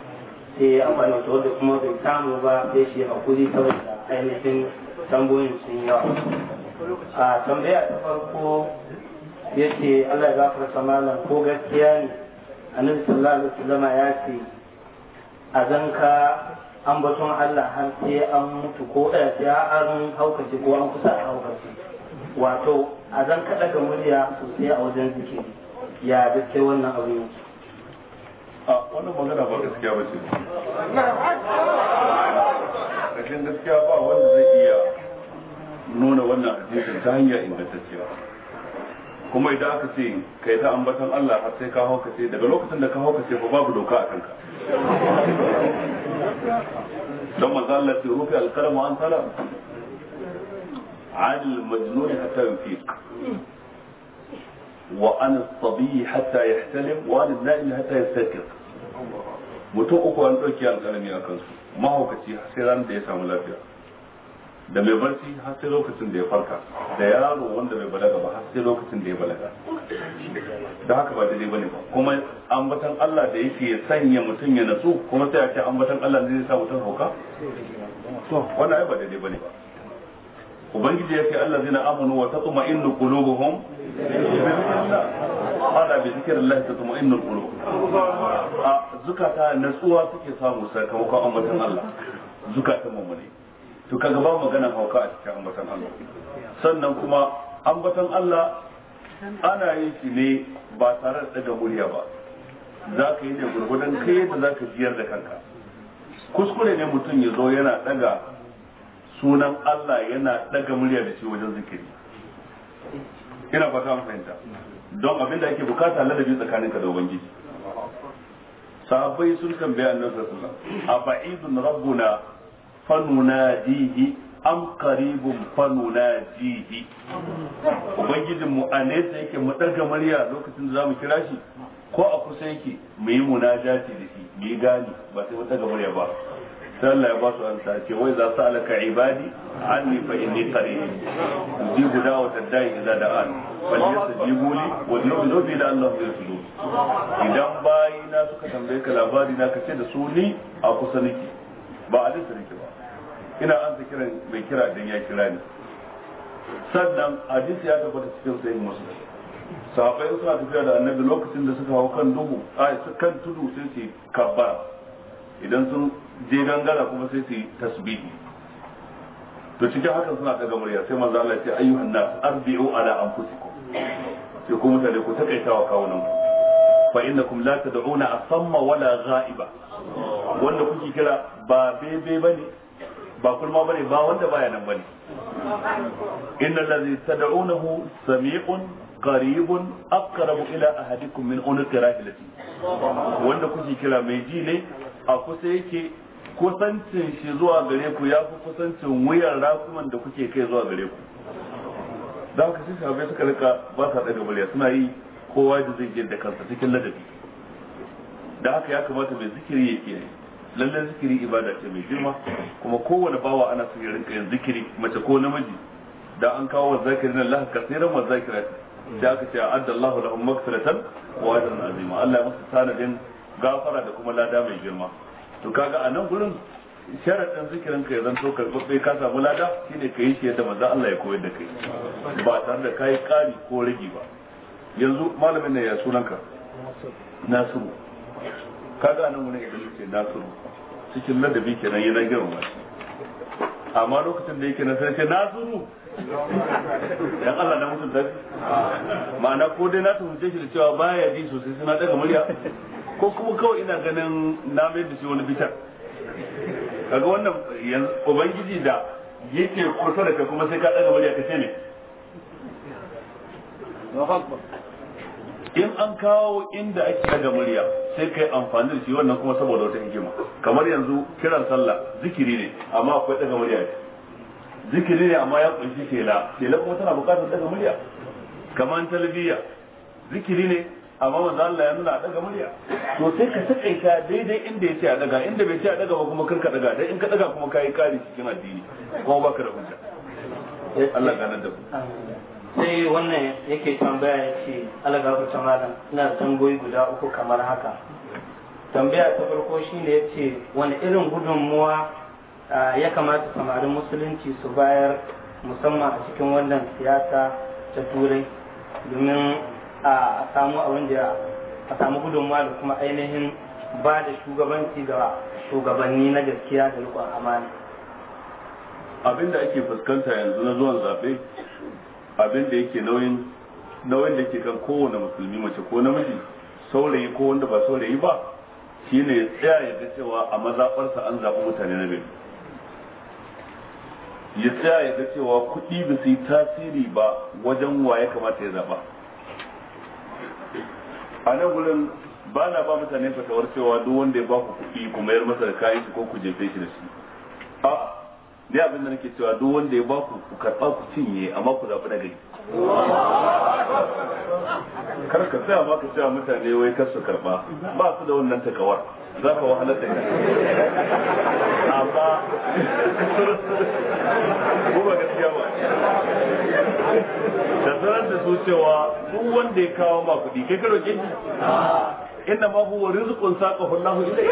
S3: sai ya amfani wata wadda kuma bai samu ba sai shi hakuri saboda ainihin tambayoyin sun yawa a tambaya ta farko ya ce Allah ya gafarta malam ko gaskiya ne nan sallallahu alaihi ya ce a zanka an baton Allah har sai an mutu ko da sai an haukace ko an kusa haukace wato a zan kada ga murya sosai a wajen zikiri ya gaskiya wannan abu yanzu a wannan magana ba gaskiya ba ce
S1: rashin gaskiya ba wanda zai iya nuna wannan hadisin ta hanya ingantacciya kuma idan aka ce ka yi ta ambatan Allah har sai ka haukace daga lokacin da ka hau haukace ba babu doka a kanka don manzo Allah ce rufe alqalamu an sala عن Wa حتى يفيق وعن الصبي حتى يحتلم وعن النائم حتى يستيقظ mutum uku an ɗauki alƙalami a kansu mahaukaci sai ran da ya samu lafiya da mai barci har sai lokacin da ya farka da yaro wanda bai balaga ba har sai lokacin da ya balaga da haka ba daidai bane ba kuma ambatan Allah da yake ya sanya mutum ya natsu kuma sai a ce ambatan Allah ne zai sa mutum hauka to wannan ai ba daidai bane ba ubangiji ya ce Allah zina na amanu wa taqma innu qulubuhum bi hada bi zikrillah tatma'innul qulub a zukata natsuwa suke samu sakamakon ambaton Allah zukata mumuni. to kaga ba magana hauka a cikin ambaton Allah sannan kuma ambaton Allah ana yin shi ne ba tare da daga murya ba
S2: za ka yi da gurgudan kai
S1: yadda za ka jiyar da kanka kuskure ne mutum ya zo yana daga sunan Allah yana daga murya da shi wajen zikiri ina ba ta fahimta don abin da ake bukata ladabi ka da ubangiji sahabbai sun tambaya annabi sallallahu alaihi wasallam aba'idun rabbuna fanunadihi am qaribun fanunadihi ubangijin mu a yake mu daga murya lokacin da zamu kira shi ko a kusa yake mu yi munajati da shi mu yi gani ba sai mu ga murya ba sai Allah ya ba su ansa ce wai za su alaka ibadi anni fa inni qareeb ujibu da'wata da'i idza da'an fal yastajibu li wa yu'minu bi Allah annahum yuslu idan bayi na suka tambaye ka labari na kace da su ni a kusa nake ba a lissa nake ba ina an kiran mai kira dan ya kira ni sannan hadisi ya tabbata cikin sayin muslim sahabbai suna tafiya da annabi lokacin da suka hau kan duhu a kan tudu sai ce kabbara idan sun je gangara kuma sai su yi tasbihi to cikin hakan suna daga murya sai manzo Allah ya ce ayyuhan nas arbi'u ala anfusikum
S2: sai
S1: ku mutane ku takaita wa kawunan ku fa innakum la tad'una asamma wala ghaiba wanda kuke kira ba bebe bane ba kulma bane ba wanda baya nan bane innal ladhi tad'unahu samiqun قريب أقرب إلى أحدكم من أنق راحلتي وأن كنت كلا ميجي لي أكو سيكي kusancin shi zuwa gare ku ya fi kusancin wuyan rakuman da kuke kai zuwa gare ku da haka shi shafe suka rika ba sa daga murya suna yi kowa da zai da kansa cikin ladabi da haka ya kamata mai zikiri ya ke lallai zikiri ibada ce mai girma kuma kowane bawa ana son ya rinka yin zikiri mace ko namiji da an kawo zakirin Allah kasiran wa zakirati da aka ce a adda da lahum maghfiratan wa ajran azima Allah ya musu sanadin gafara da kuma lada mai girma to kaga a nan gurin sharaɗin zikirin ka ya zanto karɓaɓɓe ka samu lada ne ka yi shi yadda manzon Allah ya koyar da kai ba tare da kayi ƙari ko rigi ba yanzu malamin na ya sunanka nasiru kaga nan wani idan ce nasiru cikin ladabi kenan yana girma amma lokacin da yake na sai nasiru dan Allah na mutunta ma'ana ko dai na tuhunce shi da cewa baya ji sosai suna daga murya ko kuma kawai ina ganin na mai da shi wani bitar kaga wannan yanzu ubangiji da yake kusa da ka kuma sai ka daga murya ka ce ne in an kawo inda ake daga murya sai kai amfani da shi wannan kuma saboda wata hikima kamar yanzu kiran sallah zikiri ne amma akwai daga murya zikiri ne amma ya kunshi shela shela kuma tana bukatar daga murya kamar talbiya zikiri ne amma manzo Allah ya nuna a daga murya to sai ka takaita daidai inda yace a daga inda bai ce a daga ba kuma kar ka daga dai in ka daga kuma kai kare cikin addini ba ka da hujja
S2: sai Allah ganar da ku
S3: sai wannan yake tambaya ya ce ga ku ta malam ina tambayoyi guda uku kamar haka tambaya ta farko shine ya ce wani irin gudunmuwa ya kamata samarin musulunci su bayar musamman a cikin wannan siyasa ta turai domin a samu abin da a samu gudunmawa da kuma ainihin ba da shugabanci ga shugabanni na gaskiya da rikon amana abin da ake fuskanta yanzu
S1: na zuwan zaɓe abin da yake nauyin nauyin da ke kan kowane musulmi mace ko namiji saurayi ko wanda ba saurayi ba shine ya tsaya ya ga cewa a mazaɓarsa an zaɓi mutane na biyu ya tsaya ya ga cewa kuɗi ba su yi tasiri ba wajen wa ya kamata ya zaɓa a nan gudun ba na ba mutane fatawar cewa duk wanda ya ba ku kuɗi ku mayar masa da kayan ko ku jefe shi da shi a ne abin da nake cewa duk wanda ya ba ku ku karɓa ku cinye amma ku zaɓi na gari kar ka tsaya ma ka cewa mutane wai kar su karɓa ba su da wannan takawar za ka wahalar da
S2: amma ko ba gaskiya ba da sanar da su cewa duk wanda ya kawo ma
S1: kuɗi kai ka roƙe shi inda ma huwa rizqun saqahu Allahu ilayhi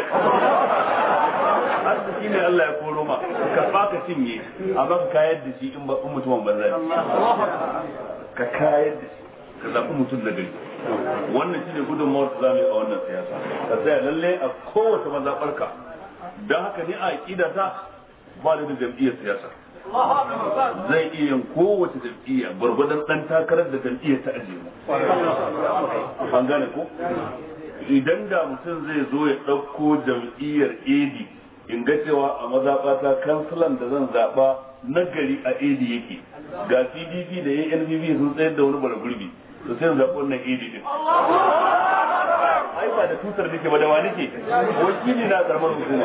S2: arziki ne Allah
S1: ya koro ma ka ba ka cinye a ba ka kayar da shi in ba mutumin banza ka kayar da shi ka zaɓi mutum da gari wannan shine gudunmawar da zamu yi a wannan siyasa ka tsaya lalle a kowace mazaɓarka don haka ni a aƙida ta ba da jam'iyyar siyasa zai iya yin kowace jam'iyya gwargwadon dan takarar da jam'iyyar ta an gane ko idan da mutum zai zo ya ɗauko jam'iyyar AD in ga cewa a mazaɓata kansilan da zan zaɓa na gari a AD yake ga PDP da ANPP sun tsayar da wani gurbi. da sai zaɓi nan idi din da tutar nake ba da wa nake wakili na zarmar hukuma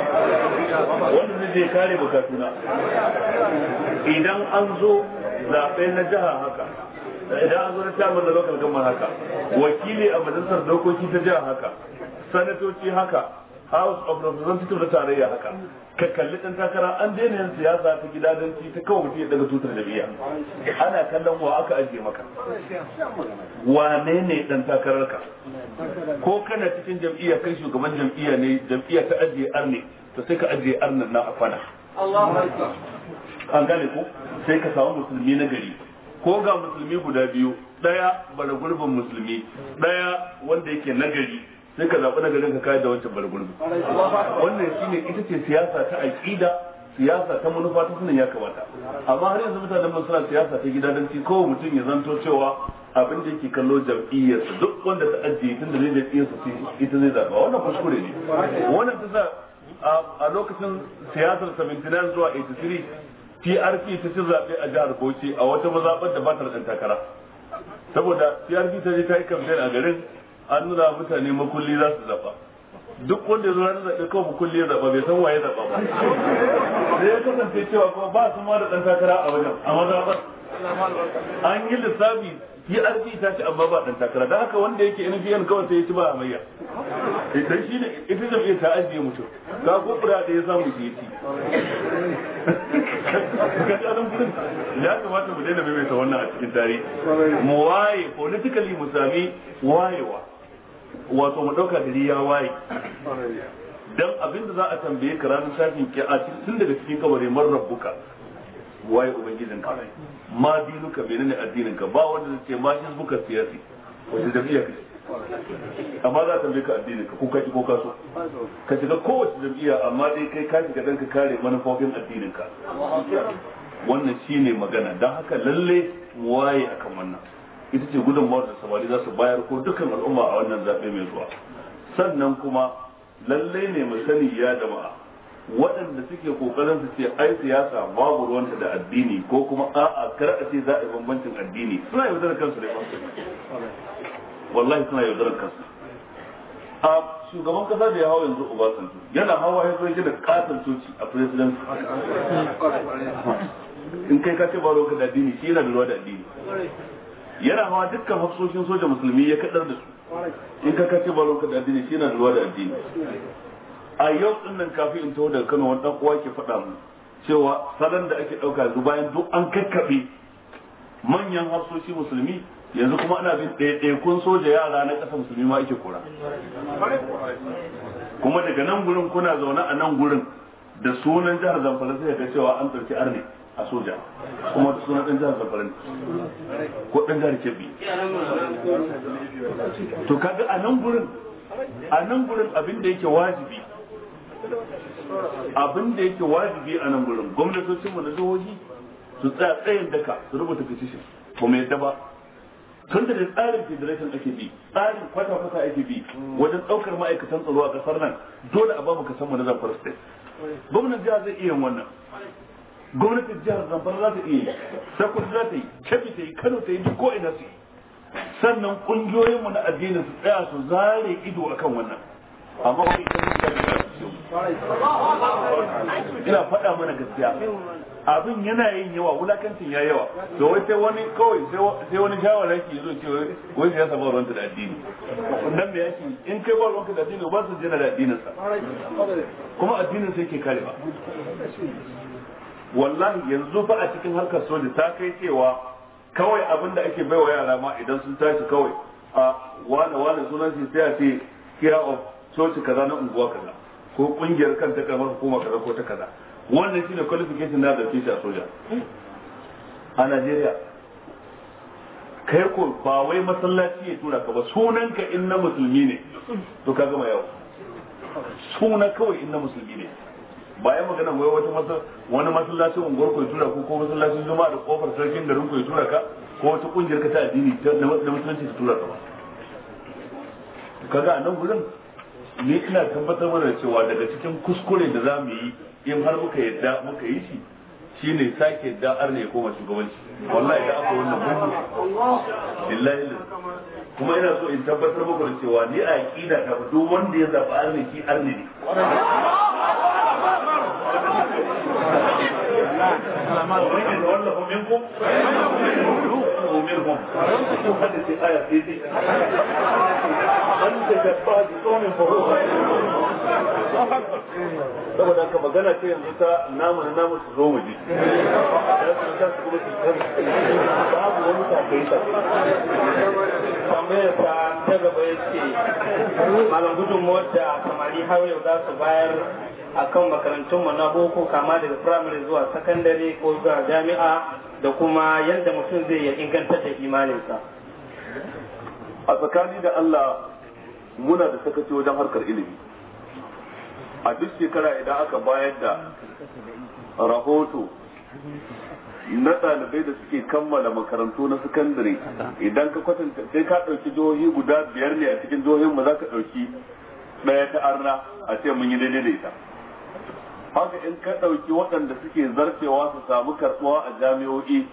S1: wanda zai je kare bukatuna idan an zo zaɓe na jiha haka idan an zo na chairman na lokacin gama haka wakili a majalisar dokoki ta jiha haka sanatoci haka house of representative na tarayya haka ka kalli ɗan takara an daina yin siyasa ta gida don ci ta kawai mutum ya daga tutar jami'a ana kallon wa aka ajiye maka wane ne ɗan takarar ka? ko kana cikin jam'iyya kai shugaban jam'iyya ne jam'iyya ta ajiye arne to sai ka ajiye arnan na a kwana an gane ko sai ka samu musulmi na gari ko ga musulmi guda biyu ɗaya bara gurbin musulmi ɗaya wanda yake nagari sai ka zaɓi na garin ka kayar da wancan bargurbi wannan shi ne ita ce siyasa ta aƙida siyasa ta manufa ta sunan ya kamata amma har yanzu mutanen mu suna siyasa ta gida gidadanci ko mutum ya zanto cewa abin da yake kallo jam'iyyarsa duk wanda ta ajiye tun da zai jam'iyyarsa ita zai zaɓa wannan kuskure ne wannan ta sa a lokacin siyasar 79 zuwa 83 PRP ta ci zaɓe a jihar Bauchi a wata mazaɓar da ba ta da takara saboda PRP ta je ta yi kamfen a garin an nuna mutane makulli za su zaba duk wanda ya zo ranar zaɓe kawai makulli ya zaba bai san waye zaba ba sai ya kasance cewa kuma ba su ma da ɗan takara a wajen a mazaɓar an yi lissafi arziki e ta ci amma ba ɗan takara don haka wanda yake NPN kawai sai ya ci ba a mayar. idan eh, shi ne ita jam'iyyar ta ajiye mutum ka ko da ya samu shi ya ci ka ci ya kamata mu daina maimaita wannan a cikin tarihi mu waye politically mu sami wayewa wato mu dauka gari ya waye dan abin da za a tambaye ka ranar shafin ki a tun daga cikin kabari mar rabbuka waye ubangijin ka ma dinuka ne addinin ka ba wanda zai ce ma buka siyasi wanda jam'iyya kace amma za a tambaye ka addinin ka ko ka ko ka so ka shiga kowace jam'iyya amma dai kai ka shiga dan ka kare manufofin addinin ka wannan shine magana dan haka lalle waye akan wannan ita ce gudunmawar da samari za su bayar ko dukkan al'umma a wannan zaɓe mai zuwa sannan kuma lallai ne mu sani ya jama'a waɗanda suke kokarin su ce ai siyasa babu ruwanta da addini ko kuma a'a kar a ce za a yi bambancin addini suna yaudarar kansu ne ba wallahi suna yaudarar kansu a shugaban kasa da ya hawa yanzu obasanjo yana hawa ya zai gina katon coci a president in kai ka ce ba ruwa da addini shi yana da ruwa da addini yana hawa dukkan hafsoshin soja musulmi ya kadar da
S2: su
S1: in ka kace ba lokacin addini shi yana da ruwa da addini a yau din nan kafin in taho daga Kano wani dan uwa ke faɗa mu cewa salon da ake ɗauka yanzu bayan duk an kakkaɓe manyan hafsoshi musulmi yanzu kuma ana bin ɗaiɗaikun soja yara na ƙasa musulmi ma ake kora kuma daga nan gurin kuna zaune a nan gurin da sunan jihar zamfara sai ga cewa an ɗauki arne a soja kuma da suna ɗan jihar zafarin ko ɗan jihar kebbi to kaga a nan gurin a nan gurin abin da yake wajibi abin da yake wajibi a nan gurin gwamnatocin mu na jihohi su tsaya tsayin daka su rubuta petition ko mai yadda ba tun da tsarin federation ake bi tsarin kwata-kwata ake bi wajen ɗaukar ma'aikatan tsaro a ƙasar nan dole a ba mu kasan mu na state gwamnan jihar zai iya wannan gwamnatin jihar zamfara za ta iya yi sakwata za ta yi kebbi ta yi kano ta yi duk ko'ina su yi sannan ƙungiyoyinmu na addinin su tsaya su zare ido kan wannan amma wani ita ne da ina faɗa mana gaskiya abin yana yin yawa wulakancin ya yawa to wai sai wani kawai sai wani shawaraki ya zo ce wai ya ba ruwanta da addini nan me yake in kai ba ruwanka da addini ba su jina da addinin sa kuma addinin sai yake kare ba wallahi yanzu ba a cikin harkar soja ta kai cewa kawai abin da ake baiwa yara ma idan sun tashi kawai a wane wane sunan shi sai a ce kira of coci kaza na unguwa kaza ko kungiyar kan ta karamar hukuma kaza ko ta kaza wannan shine qualification na ke shi a soja a Najeriya kai ko ba wai masallaci ya tura ka ba sunanka in na musulmi ne to ka gama yau suna kawai in na musulmi ne ba magana wai wata masa wani masallacin unguwar ku tura ko masallacin juma'a da kofar sarkin garin ku tura ka ko wata kungiyar ka ta addini na musulunci ta tura ka ba kaga a nan gurin ni ina tabbatar mana cewa daga cikin kuskure da za mu yi in har muka yadda muka yi shi shine sake da arne ya koma shugabanci
S2: wallahi da aka wannan
S1: gudu kuma ina so in tabbatar muku da cewa ni a aqida ta duk wanda ya zaba arziki arziki
S2: قومهم لم تحدث الآية في دي أنت جبار قوم فروغا
S1: saboda haka magana ce yanzu ta namu na namu su zo mu ji
S3: babu wani takai ta tambayar ta ta gaba ya ce malam gudunmuwar da samari har yau za su bayar kan makarantun mu na boko kama daga firamare zuwa sakandare ko zuwa jami'a da kuma yadda mutum zai yi inganta da imaninsa a tsakani da
S1: Allah muna da sakaci wajen harkar ilimi
S3: a duk shekara idan
S1: aka bayar da rahoto na ɗalibai da suke kammala makarantu na sakandare idan ka kwatanta sai ka ɗauki jihohi guda biyar ne a cikin jihohin mu za ka ɗauki ɗaya ta arna a ce mun yi daidai haka in ka ɗauki waɗanda suke zarcewa su samu karɓuwa a jami'o'i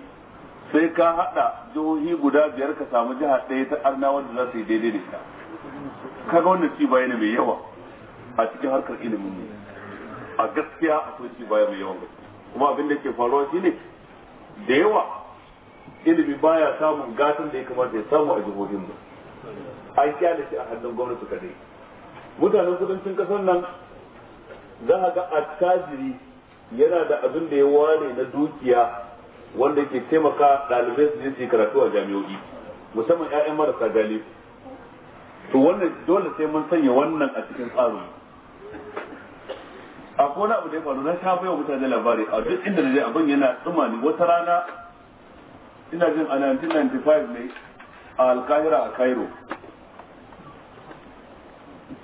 S1: sai ka haɗa jihohi guda biyar ka samu jiha ɗaya ta arna wanda za su yi daidai da ita ka ga wannan ci baya ne mai yawa a cikin harkar ilimin ne a gaskiya akwai ci mai yawa. kuma abin da ke faruwa shi ne. da yawa ilimi baya samun gatan da ya kamata ya samu a jihohin mu an kyale shi a hannun gwamnati kadai mutanen kudancin kasar nan za ga attajiri yana da abin da ya ware na dukiya wanda ke taimaka ɗalibai su je karatu a jami'o'i musamman 'ya'yan marasa galibi to wannan dole sai mun sanya wannan a cikin tsarin a wani abu da ya faru na sha wa mutane labari a duk inda na je abin yana tsummani wata rana ina jin a 1995 ne a alkahira a cairo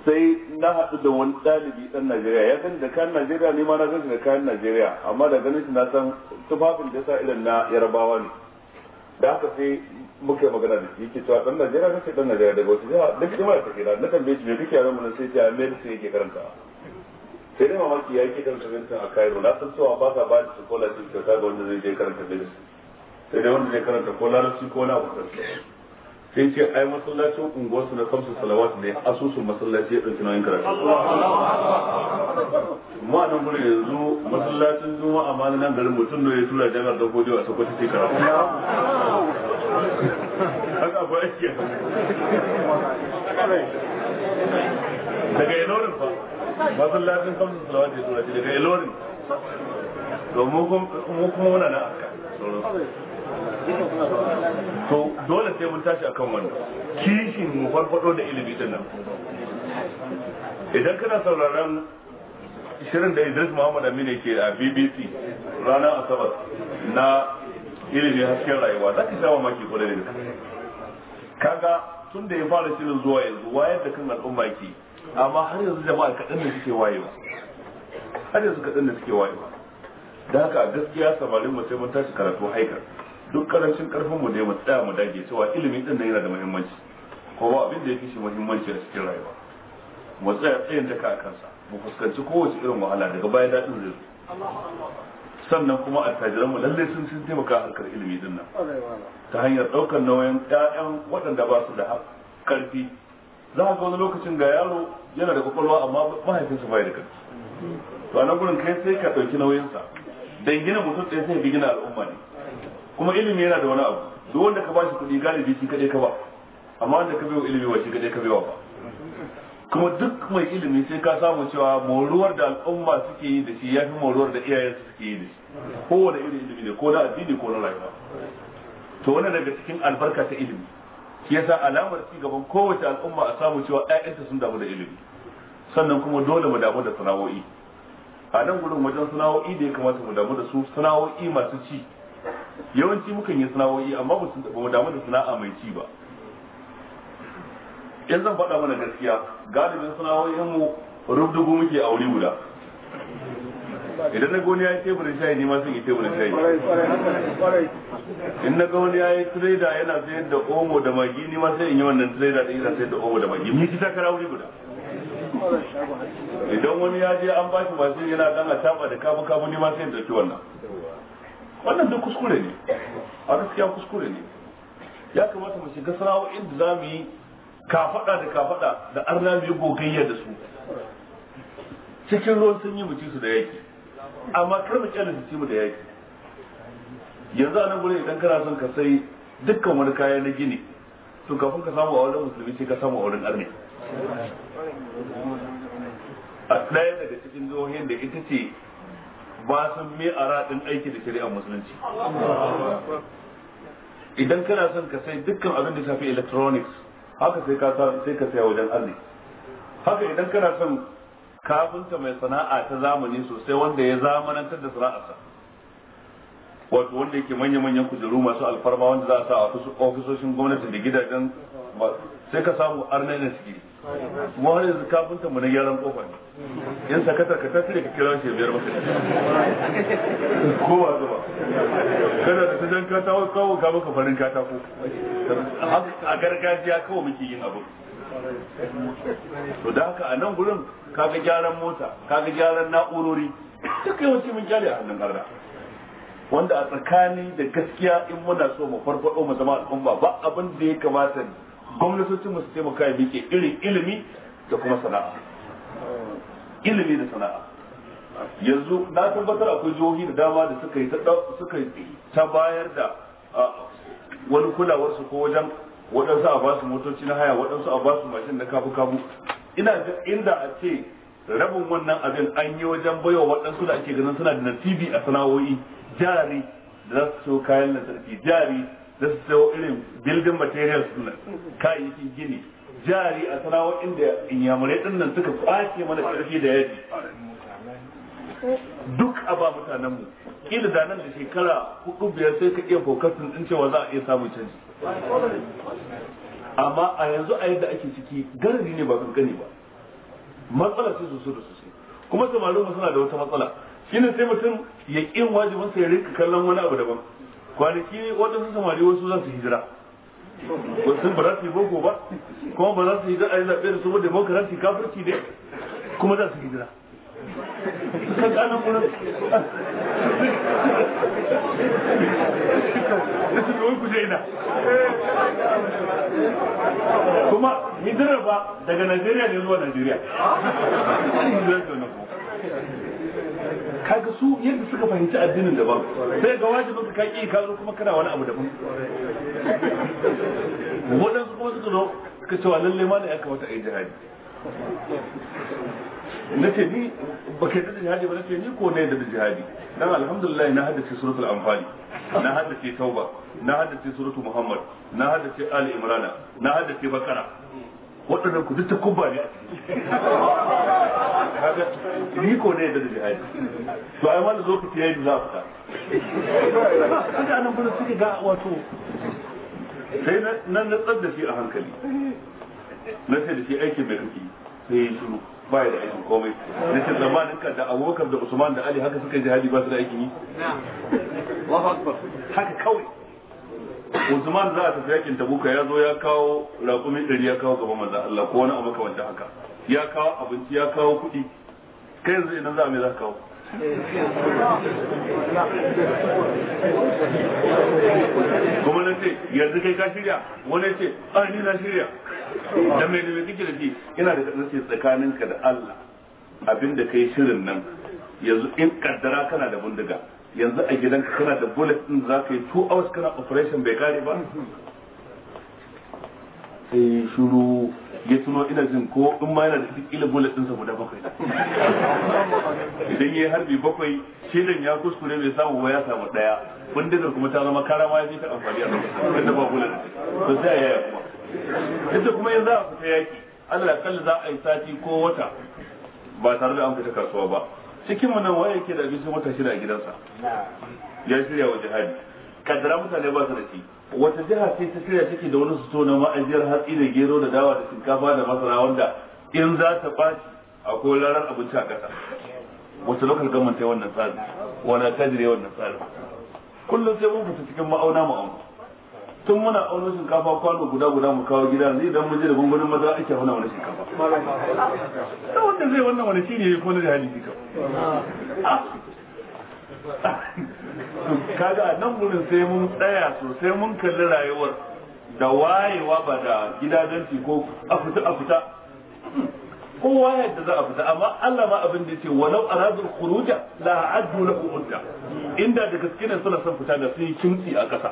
S1: sai na haɗu da wani ɗalibi ɗan Najeriya ya san da kayan Najeriya ne ma na san da kayan Najeriya amma da ganin shi na san tufafin da sa irin na Yarabawa ne da haka sai muke magana da shi yake cewa ɗan Najeriya kace ɗan Najeriya daga wata jiha duk jama'a take da na tambaye shi me kake yaran mun sai ya mai sai yake karanta sai dai mamaki ya yake karanta medicine a Cairo na san cewa ba ta ba da scholarship kyauta ga wanda zai je karanta medicine sai dai wanda zai karanta ko larabci ko na abu sai ce ai masallacin unguwarsu na kamsu salawat ne asusun masallaci ɗin ɗauki karatu mu a nan gurin yanzu masallacin juma'a ma nan garin mutum ne ya tura jami'ar da godiyo a sakwata ce karatu
S2: haka akwai aiki daga ilorin fa masallacin kamsu salawat ya tura
S1: shi daga ilorin to mu kuma muna na aka
S2: to
S1: dole sai mun tashi akan wannan kishin mu farfado da ilimi din nan idan kana sauraron shirin da Idris Muhammad Aminu ke a BBC ranar Asabar na ilimi hasken rayuwa za ka sha maki ko da kaga tun da ya fara shirin zuwa yanzu wayar da kan al'umma ke amma har yanzu jama'a kaɗan da suke wayewa har yanzu kaɗan da suke wayewa da haka gaskiya samarin mu sai mun tashi karatu haikar duk karancin karfin mu dai mu tsaya mu dage cewa ilimi din nan yana da muhimmanci ko ba abin da yake shi muhimmanci a cikin rayuwa mu tsaya tsayin daka a kansa mu fuskanci kowace irin wahala daga baya daɗin zai sannan kuma attajiran mu lalle sun sun taimaka harkar ilimi din nan ta hanyar ɗaukar nauyin ƴaƴan waɗanda ba su da karfi za ka ga wani lokacin ga yaro yana da kwakwalwa amma mahaifinsa bai da
S2: ƙarfi.
S1: to a nan gurin kai sai ka ɗauki nauyinsa dangina mutum ɗaya sai bi gina al'umma ne kuma ilimi yana da wani abu duk wanda ka bashi kuɗi galibi shi kadai ka ba amma wanda ka baiwa ilimi ba shi kadai ka biyo ba kuma duk mai ilimi sai ka samu cewa moruwar da al'umma suke yi da shi ya fi moruwar da iyayen suke yi da shi kowane irin ilimi ne ko na addini ko na rayuwa to wani daga cikin albarka ta ilimi shi yasa alamar ci gaban kowace al'umma a samu cewa ƴaƴanta sun damu da ilimi sannan kuma dole mu damu da sana'o'i a nan gurin wajen sana'o'i da ya kamata mu damu da su sana'o'i masu ci yawanci mukan yi sana'o'i amma ba mu damu da sana'a mai ci ba in zan faɗa mana gaskiya galibin sana'o'in mu rubdugu muke a wuri guda idan na goni yi teburin shayi ne ma sun yi teburin shayi in na goni yi trader yana sayar da omo da magi ni ma sai in yi wannan trader da yana sayar da omo da magi mun ci takara wuri guda idan wani ya je an bashi mashin yana dan a taba da kabu kabu ni ma sai in dauki wannan wannan duk kuskure ne a gaskiya kuskure ne ya kamata mu shiga sana'o'in inda za mu yi kafada da kafada da arna mu yi gogayya da su cikin ruwan sanyi mu ci su da yaki amma kar mu kyale su ci mu da yaki yanzu a nan gurin idan kana son ka sai dukkan wani kaya na gini to kafin ka samu a wurin musulmi sai ka samu a wurin arne a ɗaya daga cikin jihohin da ita ce ba san me a raɗin aiki da shari'ar musulunci idan kana son ka sai dukkan abin da shafi electronics haka sai ka sai ka saya wajen arni haka idan kana son kafinta mai sana'a ta zamani sosai wanda ya zamanantar da sana'arsa wato wanda yake manya-manyan kujeru masu alfarma wanda za a sa a ofisoshin gwamnati da gidajen sai ka samu arnai na suke har yanzu kafinta mu na gyaran kofa
S2: ne
S1: in sakatar ka tafi ka kira shi biyar maka ko ba
S2: zuba kana
S1: da tajan katako kawo ka maka farin katako a gargajiya kawo muke yin abu to da haka a nan gurin kaga gyaran mota kaga gyaran na'urori duk yawanci mun gyara a hannun harda wanda a tsakani da gaskiya in muna so mu farfado mu zama al'umma ba abin da ya kamata Gwamnatoci mu su taimaka ya miƙe irin ilimi da kuma sana'a ilimi da sana'a yanzu na tabbatar akwai jihohi da dama da suka yi ta bayar da wani kulawarsu ko wajen waɗansu a basu motoci na haya waɗansu a basu mashin na kafu kafu ina inda a ce rabin wannan abin an yi wajen baiwa waɗansu da ake ganin suna da nasibi a sana'o'i jari da za su kayan lantarki jari da su sayo irin building materials nan kayayyakin gini jari a sana'o'in inda inyamurai din nan suka kwace mana karfi da yadi. duk a ba mutanen kila da nan da shekara hudu biyar sai ka iya fokasin din cewa za a iya samun canji amma a yanzu a yadda ake ciki garari ne ba kankani ba matsala sai su da sosai kuma samarin suna da wata matsala ne sai mutum ya kin wajibin ya rinka kallon wani abu daban kwanaki wanda sun samari wasu za su hijira wasu ba za su yi boko ba kuma ba za su yi a yi zaɓe da saboda demokarasi kafirci ne kuma za su hijira kuma hijira ba daga najeriya ne zuwa najeriya kaga su yadda suka fahimci addinin daban sai ga wajibin ka kaki ka zo kuma kana wani abu daban waɗansu kuma suka zo suka cewa lalle ma da ya kamata a yi jihadi na ce ni ba ke da jihadi ba na ce ni ko ne da jihadi dan alhamdulillah na haddace suratul anfali na haddace tauba na haddace suratul muhammad na haddace ali imrana na haddace bakara waɗannan ku duk ta kubba ne ni ko ne da jihadi to ai wani lokaci yayi za fita kaga nan gudu suke ga wato sai na tsar da shi a hankali na sai da shi aikin mai kake sai ya shiru ba da aikin komai na ce zamanin ka da abubakar da usman da ali haka suka yi jihadi ba su da aikin yi haka kawai Usman za ta tafi yakin Tabuka ya zo ya kawo raƙumi ɗari ya kawo gaba manzon Allah ko wani abu makamanta haka ya kawo abinci ya kawo kuɗi kai yanzu idan za a me za kawo kuma na ce yanzu kai ka shirya wani ce a ah, ni na shirya da mai da mai kike da shi ina da kasance tsakaninka da Allah abinda kai shirin nan yanzu in kaddara kana da bindiga yanzu a gidanka kana da bullet din za ka yi two hours kana operation bai kare ba sai shuru ya tuno ina jin ko in ma yana da kila bullet din saboda bakwai idan yayi harbi bakwai shedan ya kuskure bai samu ba ya samu daya bindigar kuma ta zama karama ya ta amfani a lokacin da ba bullet to sai ya kuma ita kuma yanzu a fita yaki Allah kalli za a yi sati ko wata ba tare da an fita kasuwa ba cikin wannan waye yake da abincin wata shida a gidansa ya shirya wa jihadi kaddara mutane ba su da shi wata jiha ce ta shirya take da wani suto na ma'ajiyar hatsi da gero da dawa da shinkafa da masara wanda in za ta baci akwai larar abinci a ƙasa wata lokal gamanta ta wannan Wana wani tajire wannan kullum sai mun fita cikin ma'auna ma'auna tun muna auno shinkafa kwano guda guda mu kawo gida ne idan mun je da gungunin maza ake auna wani
S2: shinkafa Ta wanda
S1: zai wannan wani shi ne ya na da hali jika kaga nan gurin sai mun tsaya sosai mun kalli rayuwar da wayewa ba da gidajenci ko a fita a fita kowa yadda za a fita amma Allah ma abin da yace walau aradul kuruja la a'addu na udda inda da ne suna son fita da sun kimtsi a ƙasa.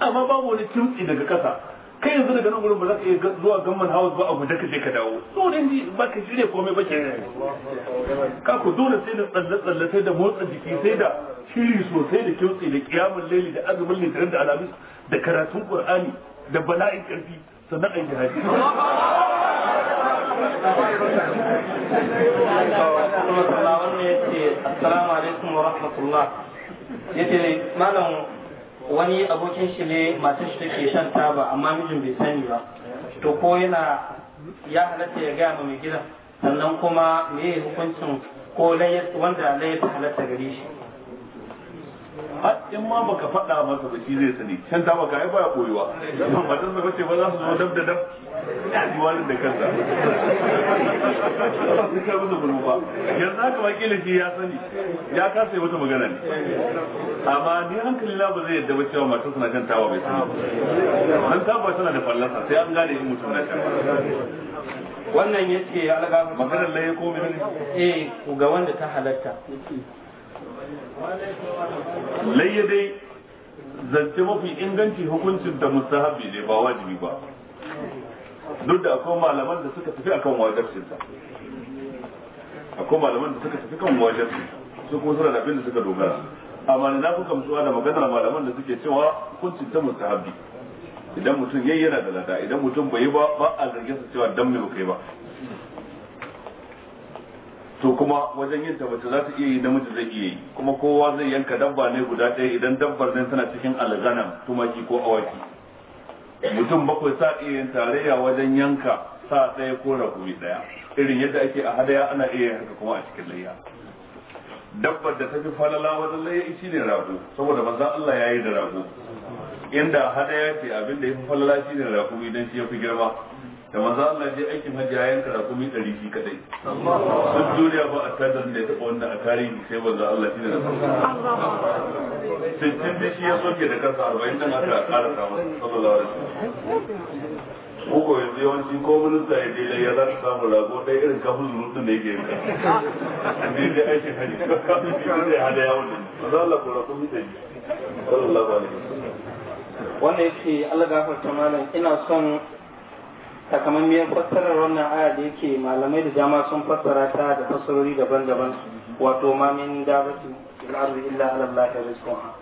S1: amma babu wani kimtsi daga ƙasa kai yanzu daga nan gurin ba za ka iya zuwa gamman hawa ba a guje ka je ka dawo dole ne ba ka shirya komai ba ke ka ku dole sai da tsalle tsalle sai da motsa jiki sai da shiri sosai da kimtsi da kiyamun laili da azumin litinin da alamis da karatun qur'ani da bala'in karfi sannan ai jihadi
S3: Assalamu alaikum wa rahmatullah. Yace malam wani abokin shi ne matar shi take shan taba amma mijin bai sani ba to ko yana ya halatta ya gaya mai gidan sannan kuma me hukuncin ko wanda layar halatta gare shi in ma baka faɗa masa ba shi zai
S1: sani can ta baka ai baya koyuwa dan ba dan ba ce ba za su zo dab da dab
S2: ji
S1: diwalin da kansa ni ka musu gurbu ba yanzu haka wakilin shi ya sani ya kasa yi wata magana ne amma ni hankali la ba zai yadda ba cewa matar suna kan tawa bai sani an taba tana da fallasa sai an gane in mutum na kan
S3: wannan yace ya alga maganar laye ko mene eh ga wanda ta halatta layya dai zance
S1: mafi inganci hukuncin da mustahabi ne ba wajibi ba duk da akwai malaman da suka tafi akan wajibcinsa akwai malaman da suka tafi kan wajibcinsa su kuma suna da abin da suka dogara amma na fi kamsuwa da maganar malaman da suke cewa hukuncin ta mustahabi idan mutum yayyana yana da lada idan mutum bai ba ba a zargin sa cewa dan me kai ba to kuma wajen yin ta bace za ta iya yi namiji zai iya yi kuma kowa zai yanka dabba ne guda ɗaya idan dabbar nan tana cikin alganam tumaki ko awaki mutum bakwai sa iya yin tarayya wajen yanka sa ɗaya ko rakumi ɗaya irin yadda ake a hadaya ana iya yin haka kuma a cikin layya dabbar da ta fi falala wajen layya shi ne rago saboda maza Allah ya yi da rago inda hadaya ce abin da ya fi falala shi ne rakuwi idan shi ya fi girma da maza Allah je aikin hajji yayin karatu mi dari shi kadai duk duniya ba a tazar da ya taba wanda a tarihi sai wanda Allah shi ne na farko
S2: da shi
S1: ya soke da kansa arba'in aka sallallahu alaihi
S2: wasallam
S1: ko ko yanzu ko minista ya dai ya za samu rago ɗaya irin kafin zurutun da yake yanka
S3: ne ya hada Allah g'a rago malam ina son takamammiyar fassarar wannan aya da yake malamai da dama sun fassara ta da fassarori daban-daban wato ma min dabati al'arzi illa ala Allah ya rizquha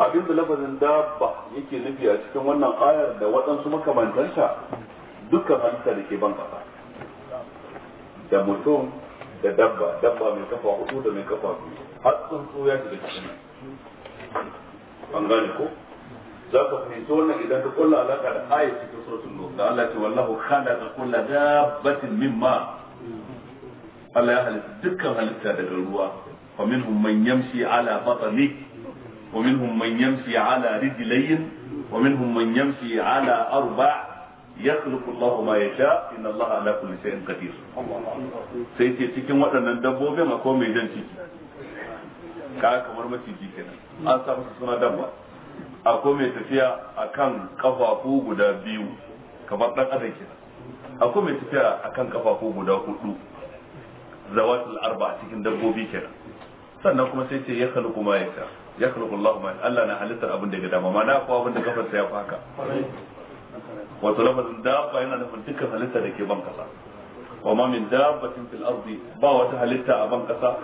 S1: abin da lafazin dabba yake nufi a cikin wannan ayar da waɗansu makamantanta dukkan halitta da ke ban kafa da mutum da dabba dabba mai kafa hudu da mai kafa biyu har tsuntsu ya shiga cikin ban gane ko za ka fahimci wannan idan ka kulla alaka da ayat cikin suratul nur da Allah ce wallahu khalaqa kulla dabbatin mimma Allah ya halitta dukkan halitta daga ruwa fa minhum man yamshi ala batni wa minhum man yamshi ala rijlayn wa minhum man yamshi ala arba' يخلق الله ما يشاء إن الله على كل شيء قدير ce cikin waɗannan dabbobin akwai mai jan ciki ka kamar maciji kenan an samu suna dabba akwai mai tafiya akan kafafu guda biyu kamar ɗan adam kenan akwai mai tafiya akan kafafu guda hudu zawatul arba cikin dabbobi kenan sannan kuma sai ce ya khalqu ma yasha ya khalqu Allah ma Allah na halittar abin da ya dama ma na akwai abin da kafarsa ya faka wato lafazin dabba yana nufin dukkan halitta da ke ban kasa wa ma min dabbatin fil ardi ba wata halitta a ban kasa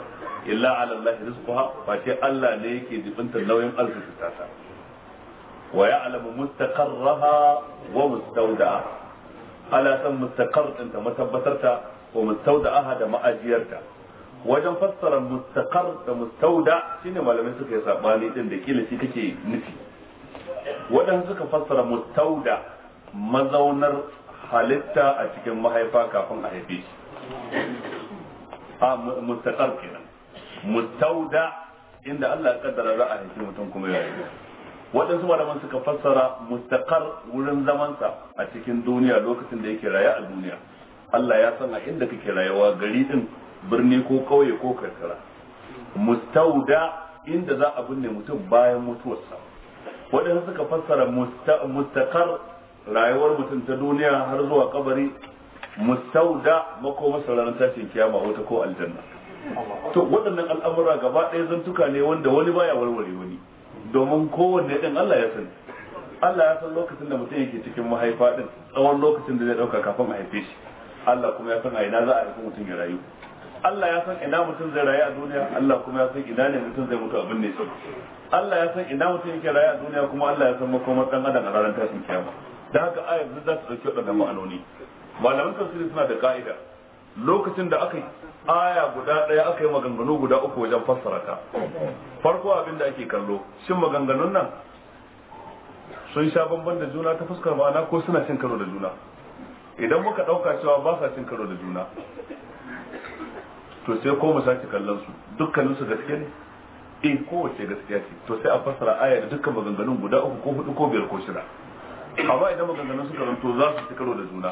S1: illa ala Allah rizquha fa ce Allah ne yake jibintar nauyin arzikin ta wa ya'lamu mustaqarraha wa mustawda'a ala mustaqar din ta matabbatarta wa mustawda'aha da ma'ajiyarta wajen fassara mustaqar da mustawda shine malamai suka yi sabani ɗin da kila shi take nufi waɗansu suka fassara mustawda mazaunar halitta a cikin mahaifa kafin a haife shi mustaqar kenan mustawda inda Allah ya kaddara za a haifi mutum kuma ya rayu waɗansu malaman suka fassara mustaqar wurin zamansa a cikin duniya lokacin da yake raye a duniya Allah ya san a inda kake rayuwa gari din birni ko kauye ko karkara mustauda inda za a binne mutum bayan mutuwarsa waɗansu suka fassara mustaqar rayuwar mutum ta duniya har zuwa kabari mustauda makomasa ranar tashin kiyama wata ko aljanna to waɗannan al'amura gaba ɗaya zantuka ne wanda wani baya warware wani domin kowanne ɗin Allah ya sani Allah ya san lokacin da mutum yake cikin mahaifa din tsawon lokacin da zai ɗauka kafin a haife shi Allah kuma ya san a ina za a haifi mutum ya rayu Allah ya san ina mutum zai rayu a duniya Allah kuma ya san ina ne mutum zai mutu abin ne Allah ya san ina mutum yake rayu a duniya kuma Allah ya san makomar ɗan adam a ranar tashin kiyama da haka ayat za ta dauki wadannan ma'anoni malaman tafsiri suna da ka'ida lokacin da aka yi aya guda ɗaya aka yi maganganu guda uku wajen fassara ta farko abin da ake kallo shin maganganun nan sun sha bamban da juna ta fuskar ma'ana ko suna cin karo da juna idan muka ɗauka cewa ba sa cin karo da juna to sai ko mu sake kallon su dukkanin su gaske ne eh kowace gaskiya ce to sai a fassara aya da dukkan maganganun guda uku ko hudu ko biyar ko shida amma idan maganganun suka zanto za su ci karo da juna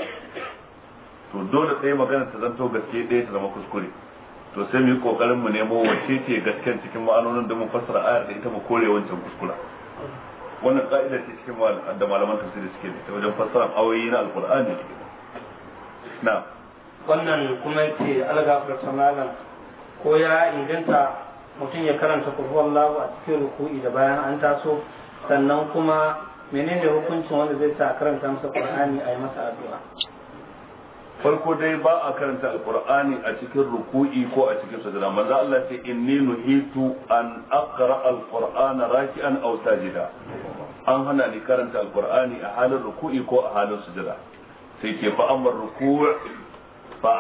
S1: to dole sai magana ta zanto gaske ɗaya ta zama kuskure to sai mu yi kokarin mu nemo wace ce gasken cikin ma'anonin da mu fassara ayar da ita mu kore wancan kuskura wannan ka'idar ce cikin da malaman tafsiri suke da wajen fassara ayoyi na alkur'ani
S3: na wannan kuma ce algafar malam ko ya inganta mutum ya karanta kurhuwallahu a cikin ruku'i da bayan an taso sannan kuma menene hukuncin wanda zai sa karanta masa qur'ani a yi masa addu'a
S1: farko dai ba a karanta alqur'ani a cikin ruku'i ko a cikin sujada manzo Allah ce inni nuhitu an aqra alqur'ana raki'an aw sajida an hana ni karanta alqur'ani a halin ruku'i ko a halin sujada sai ke fa amar ruku' fa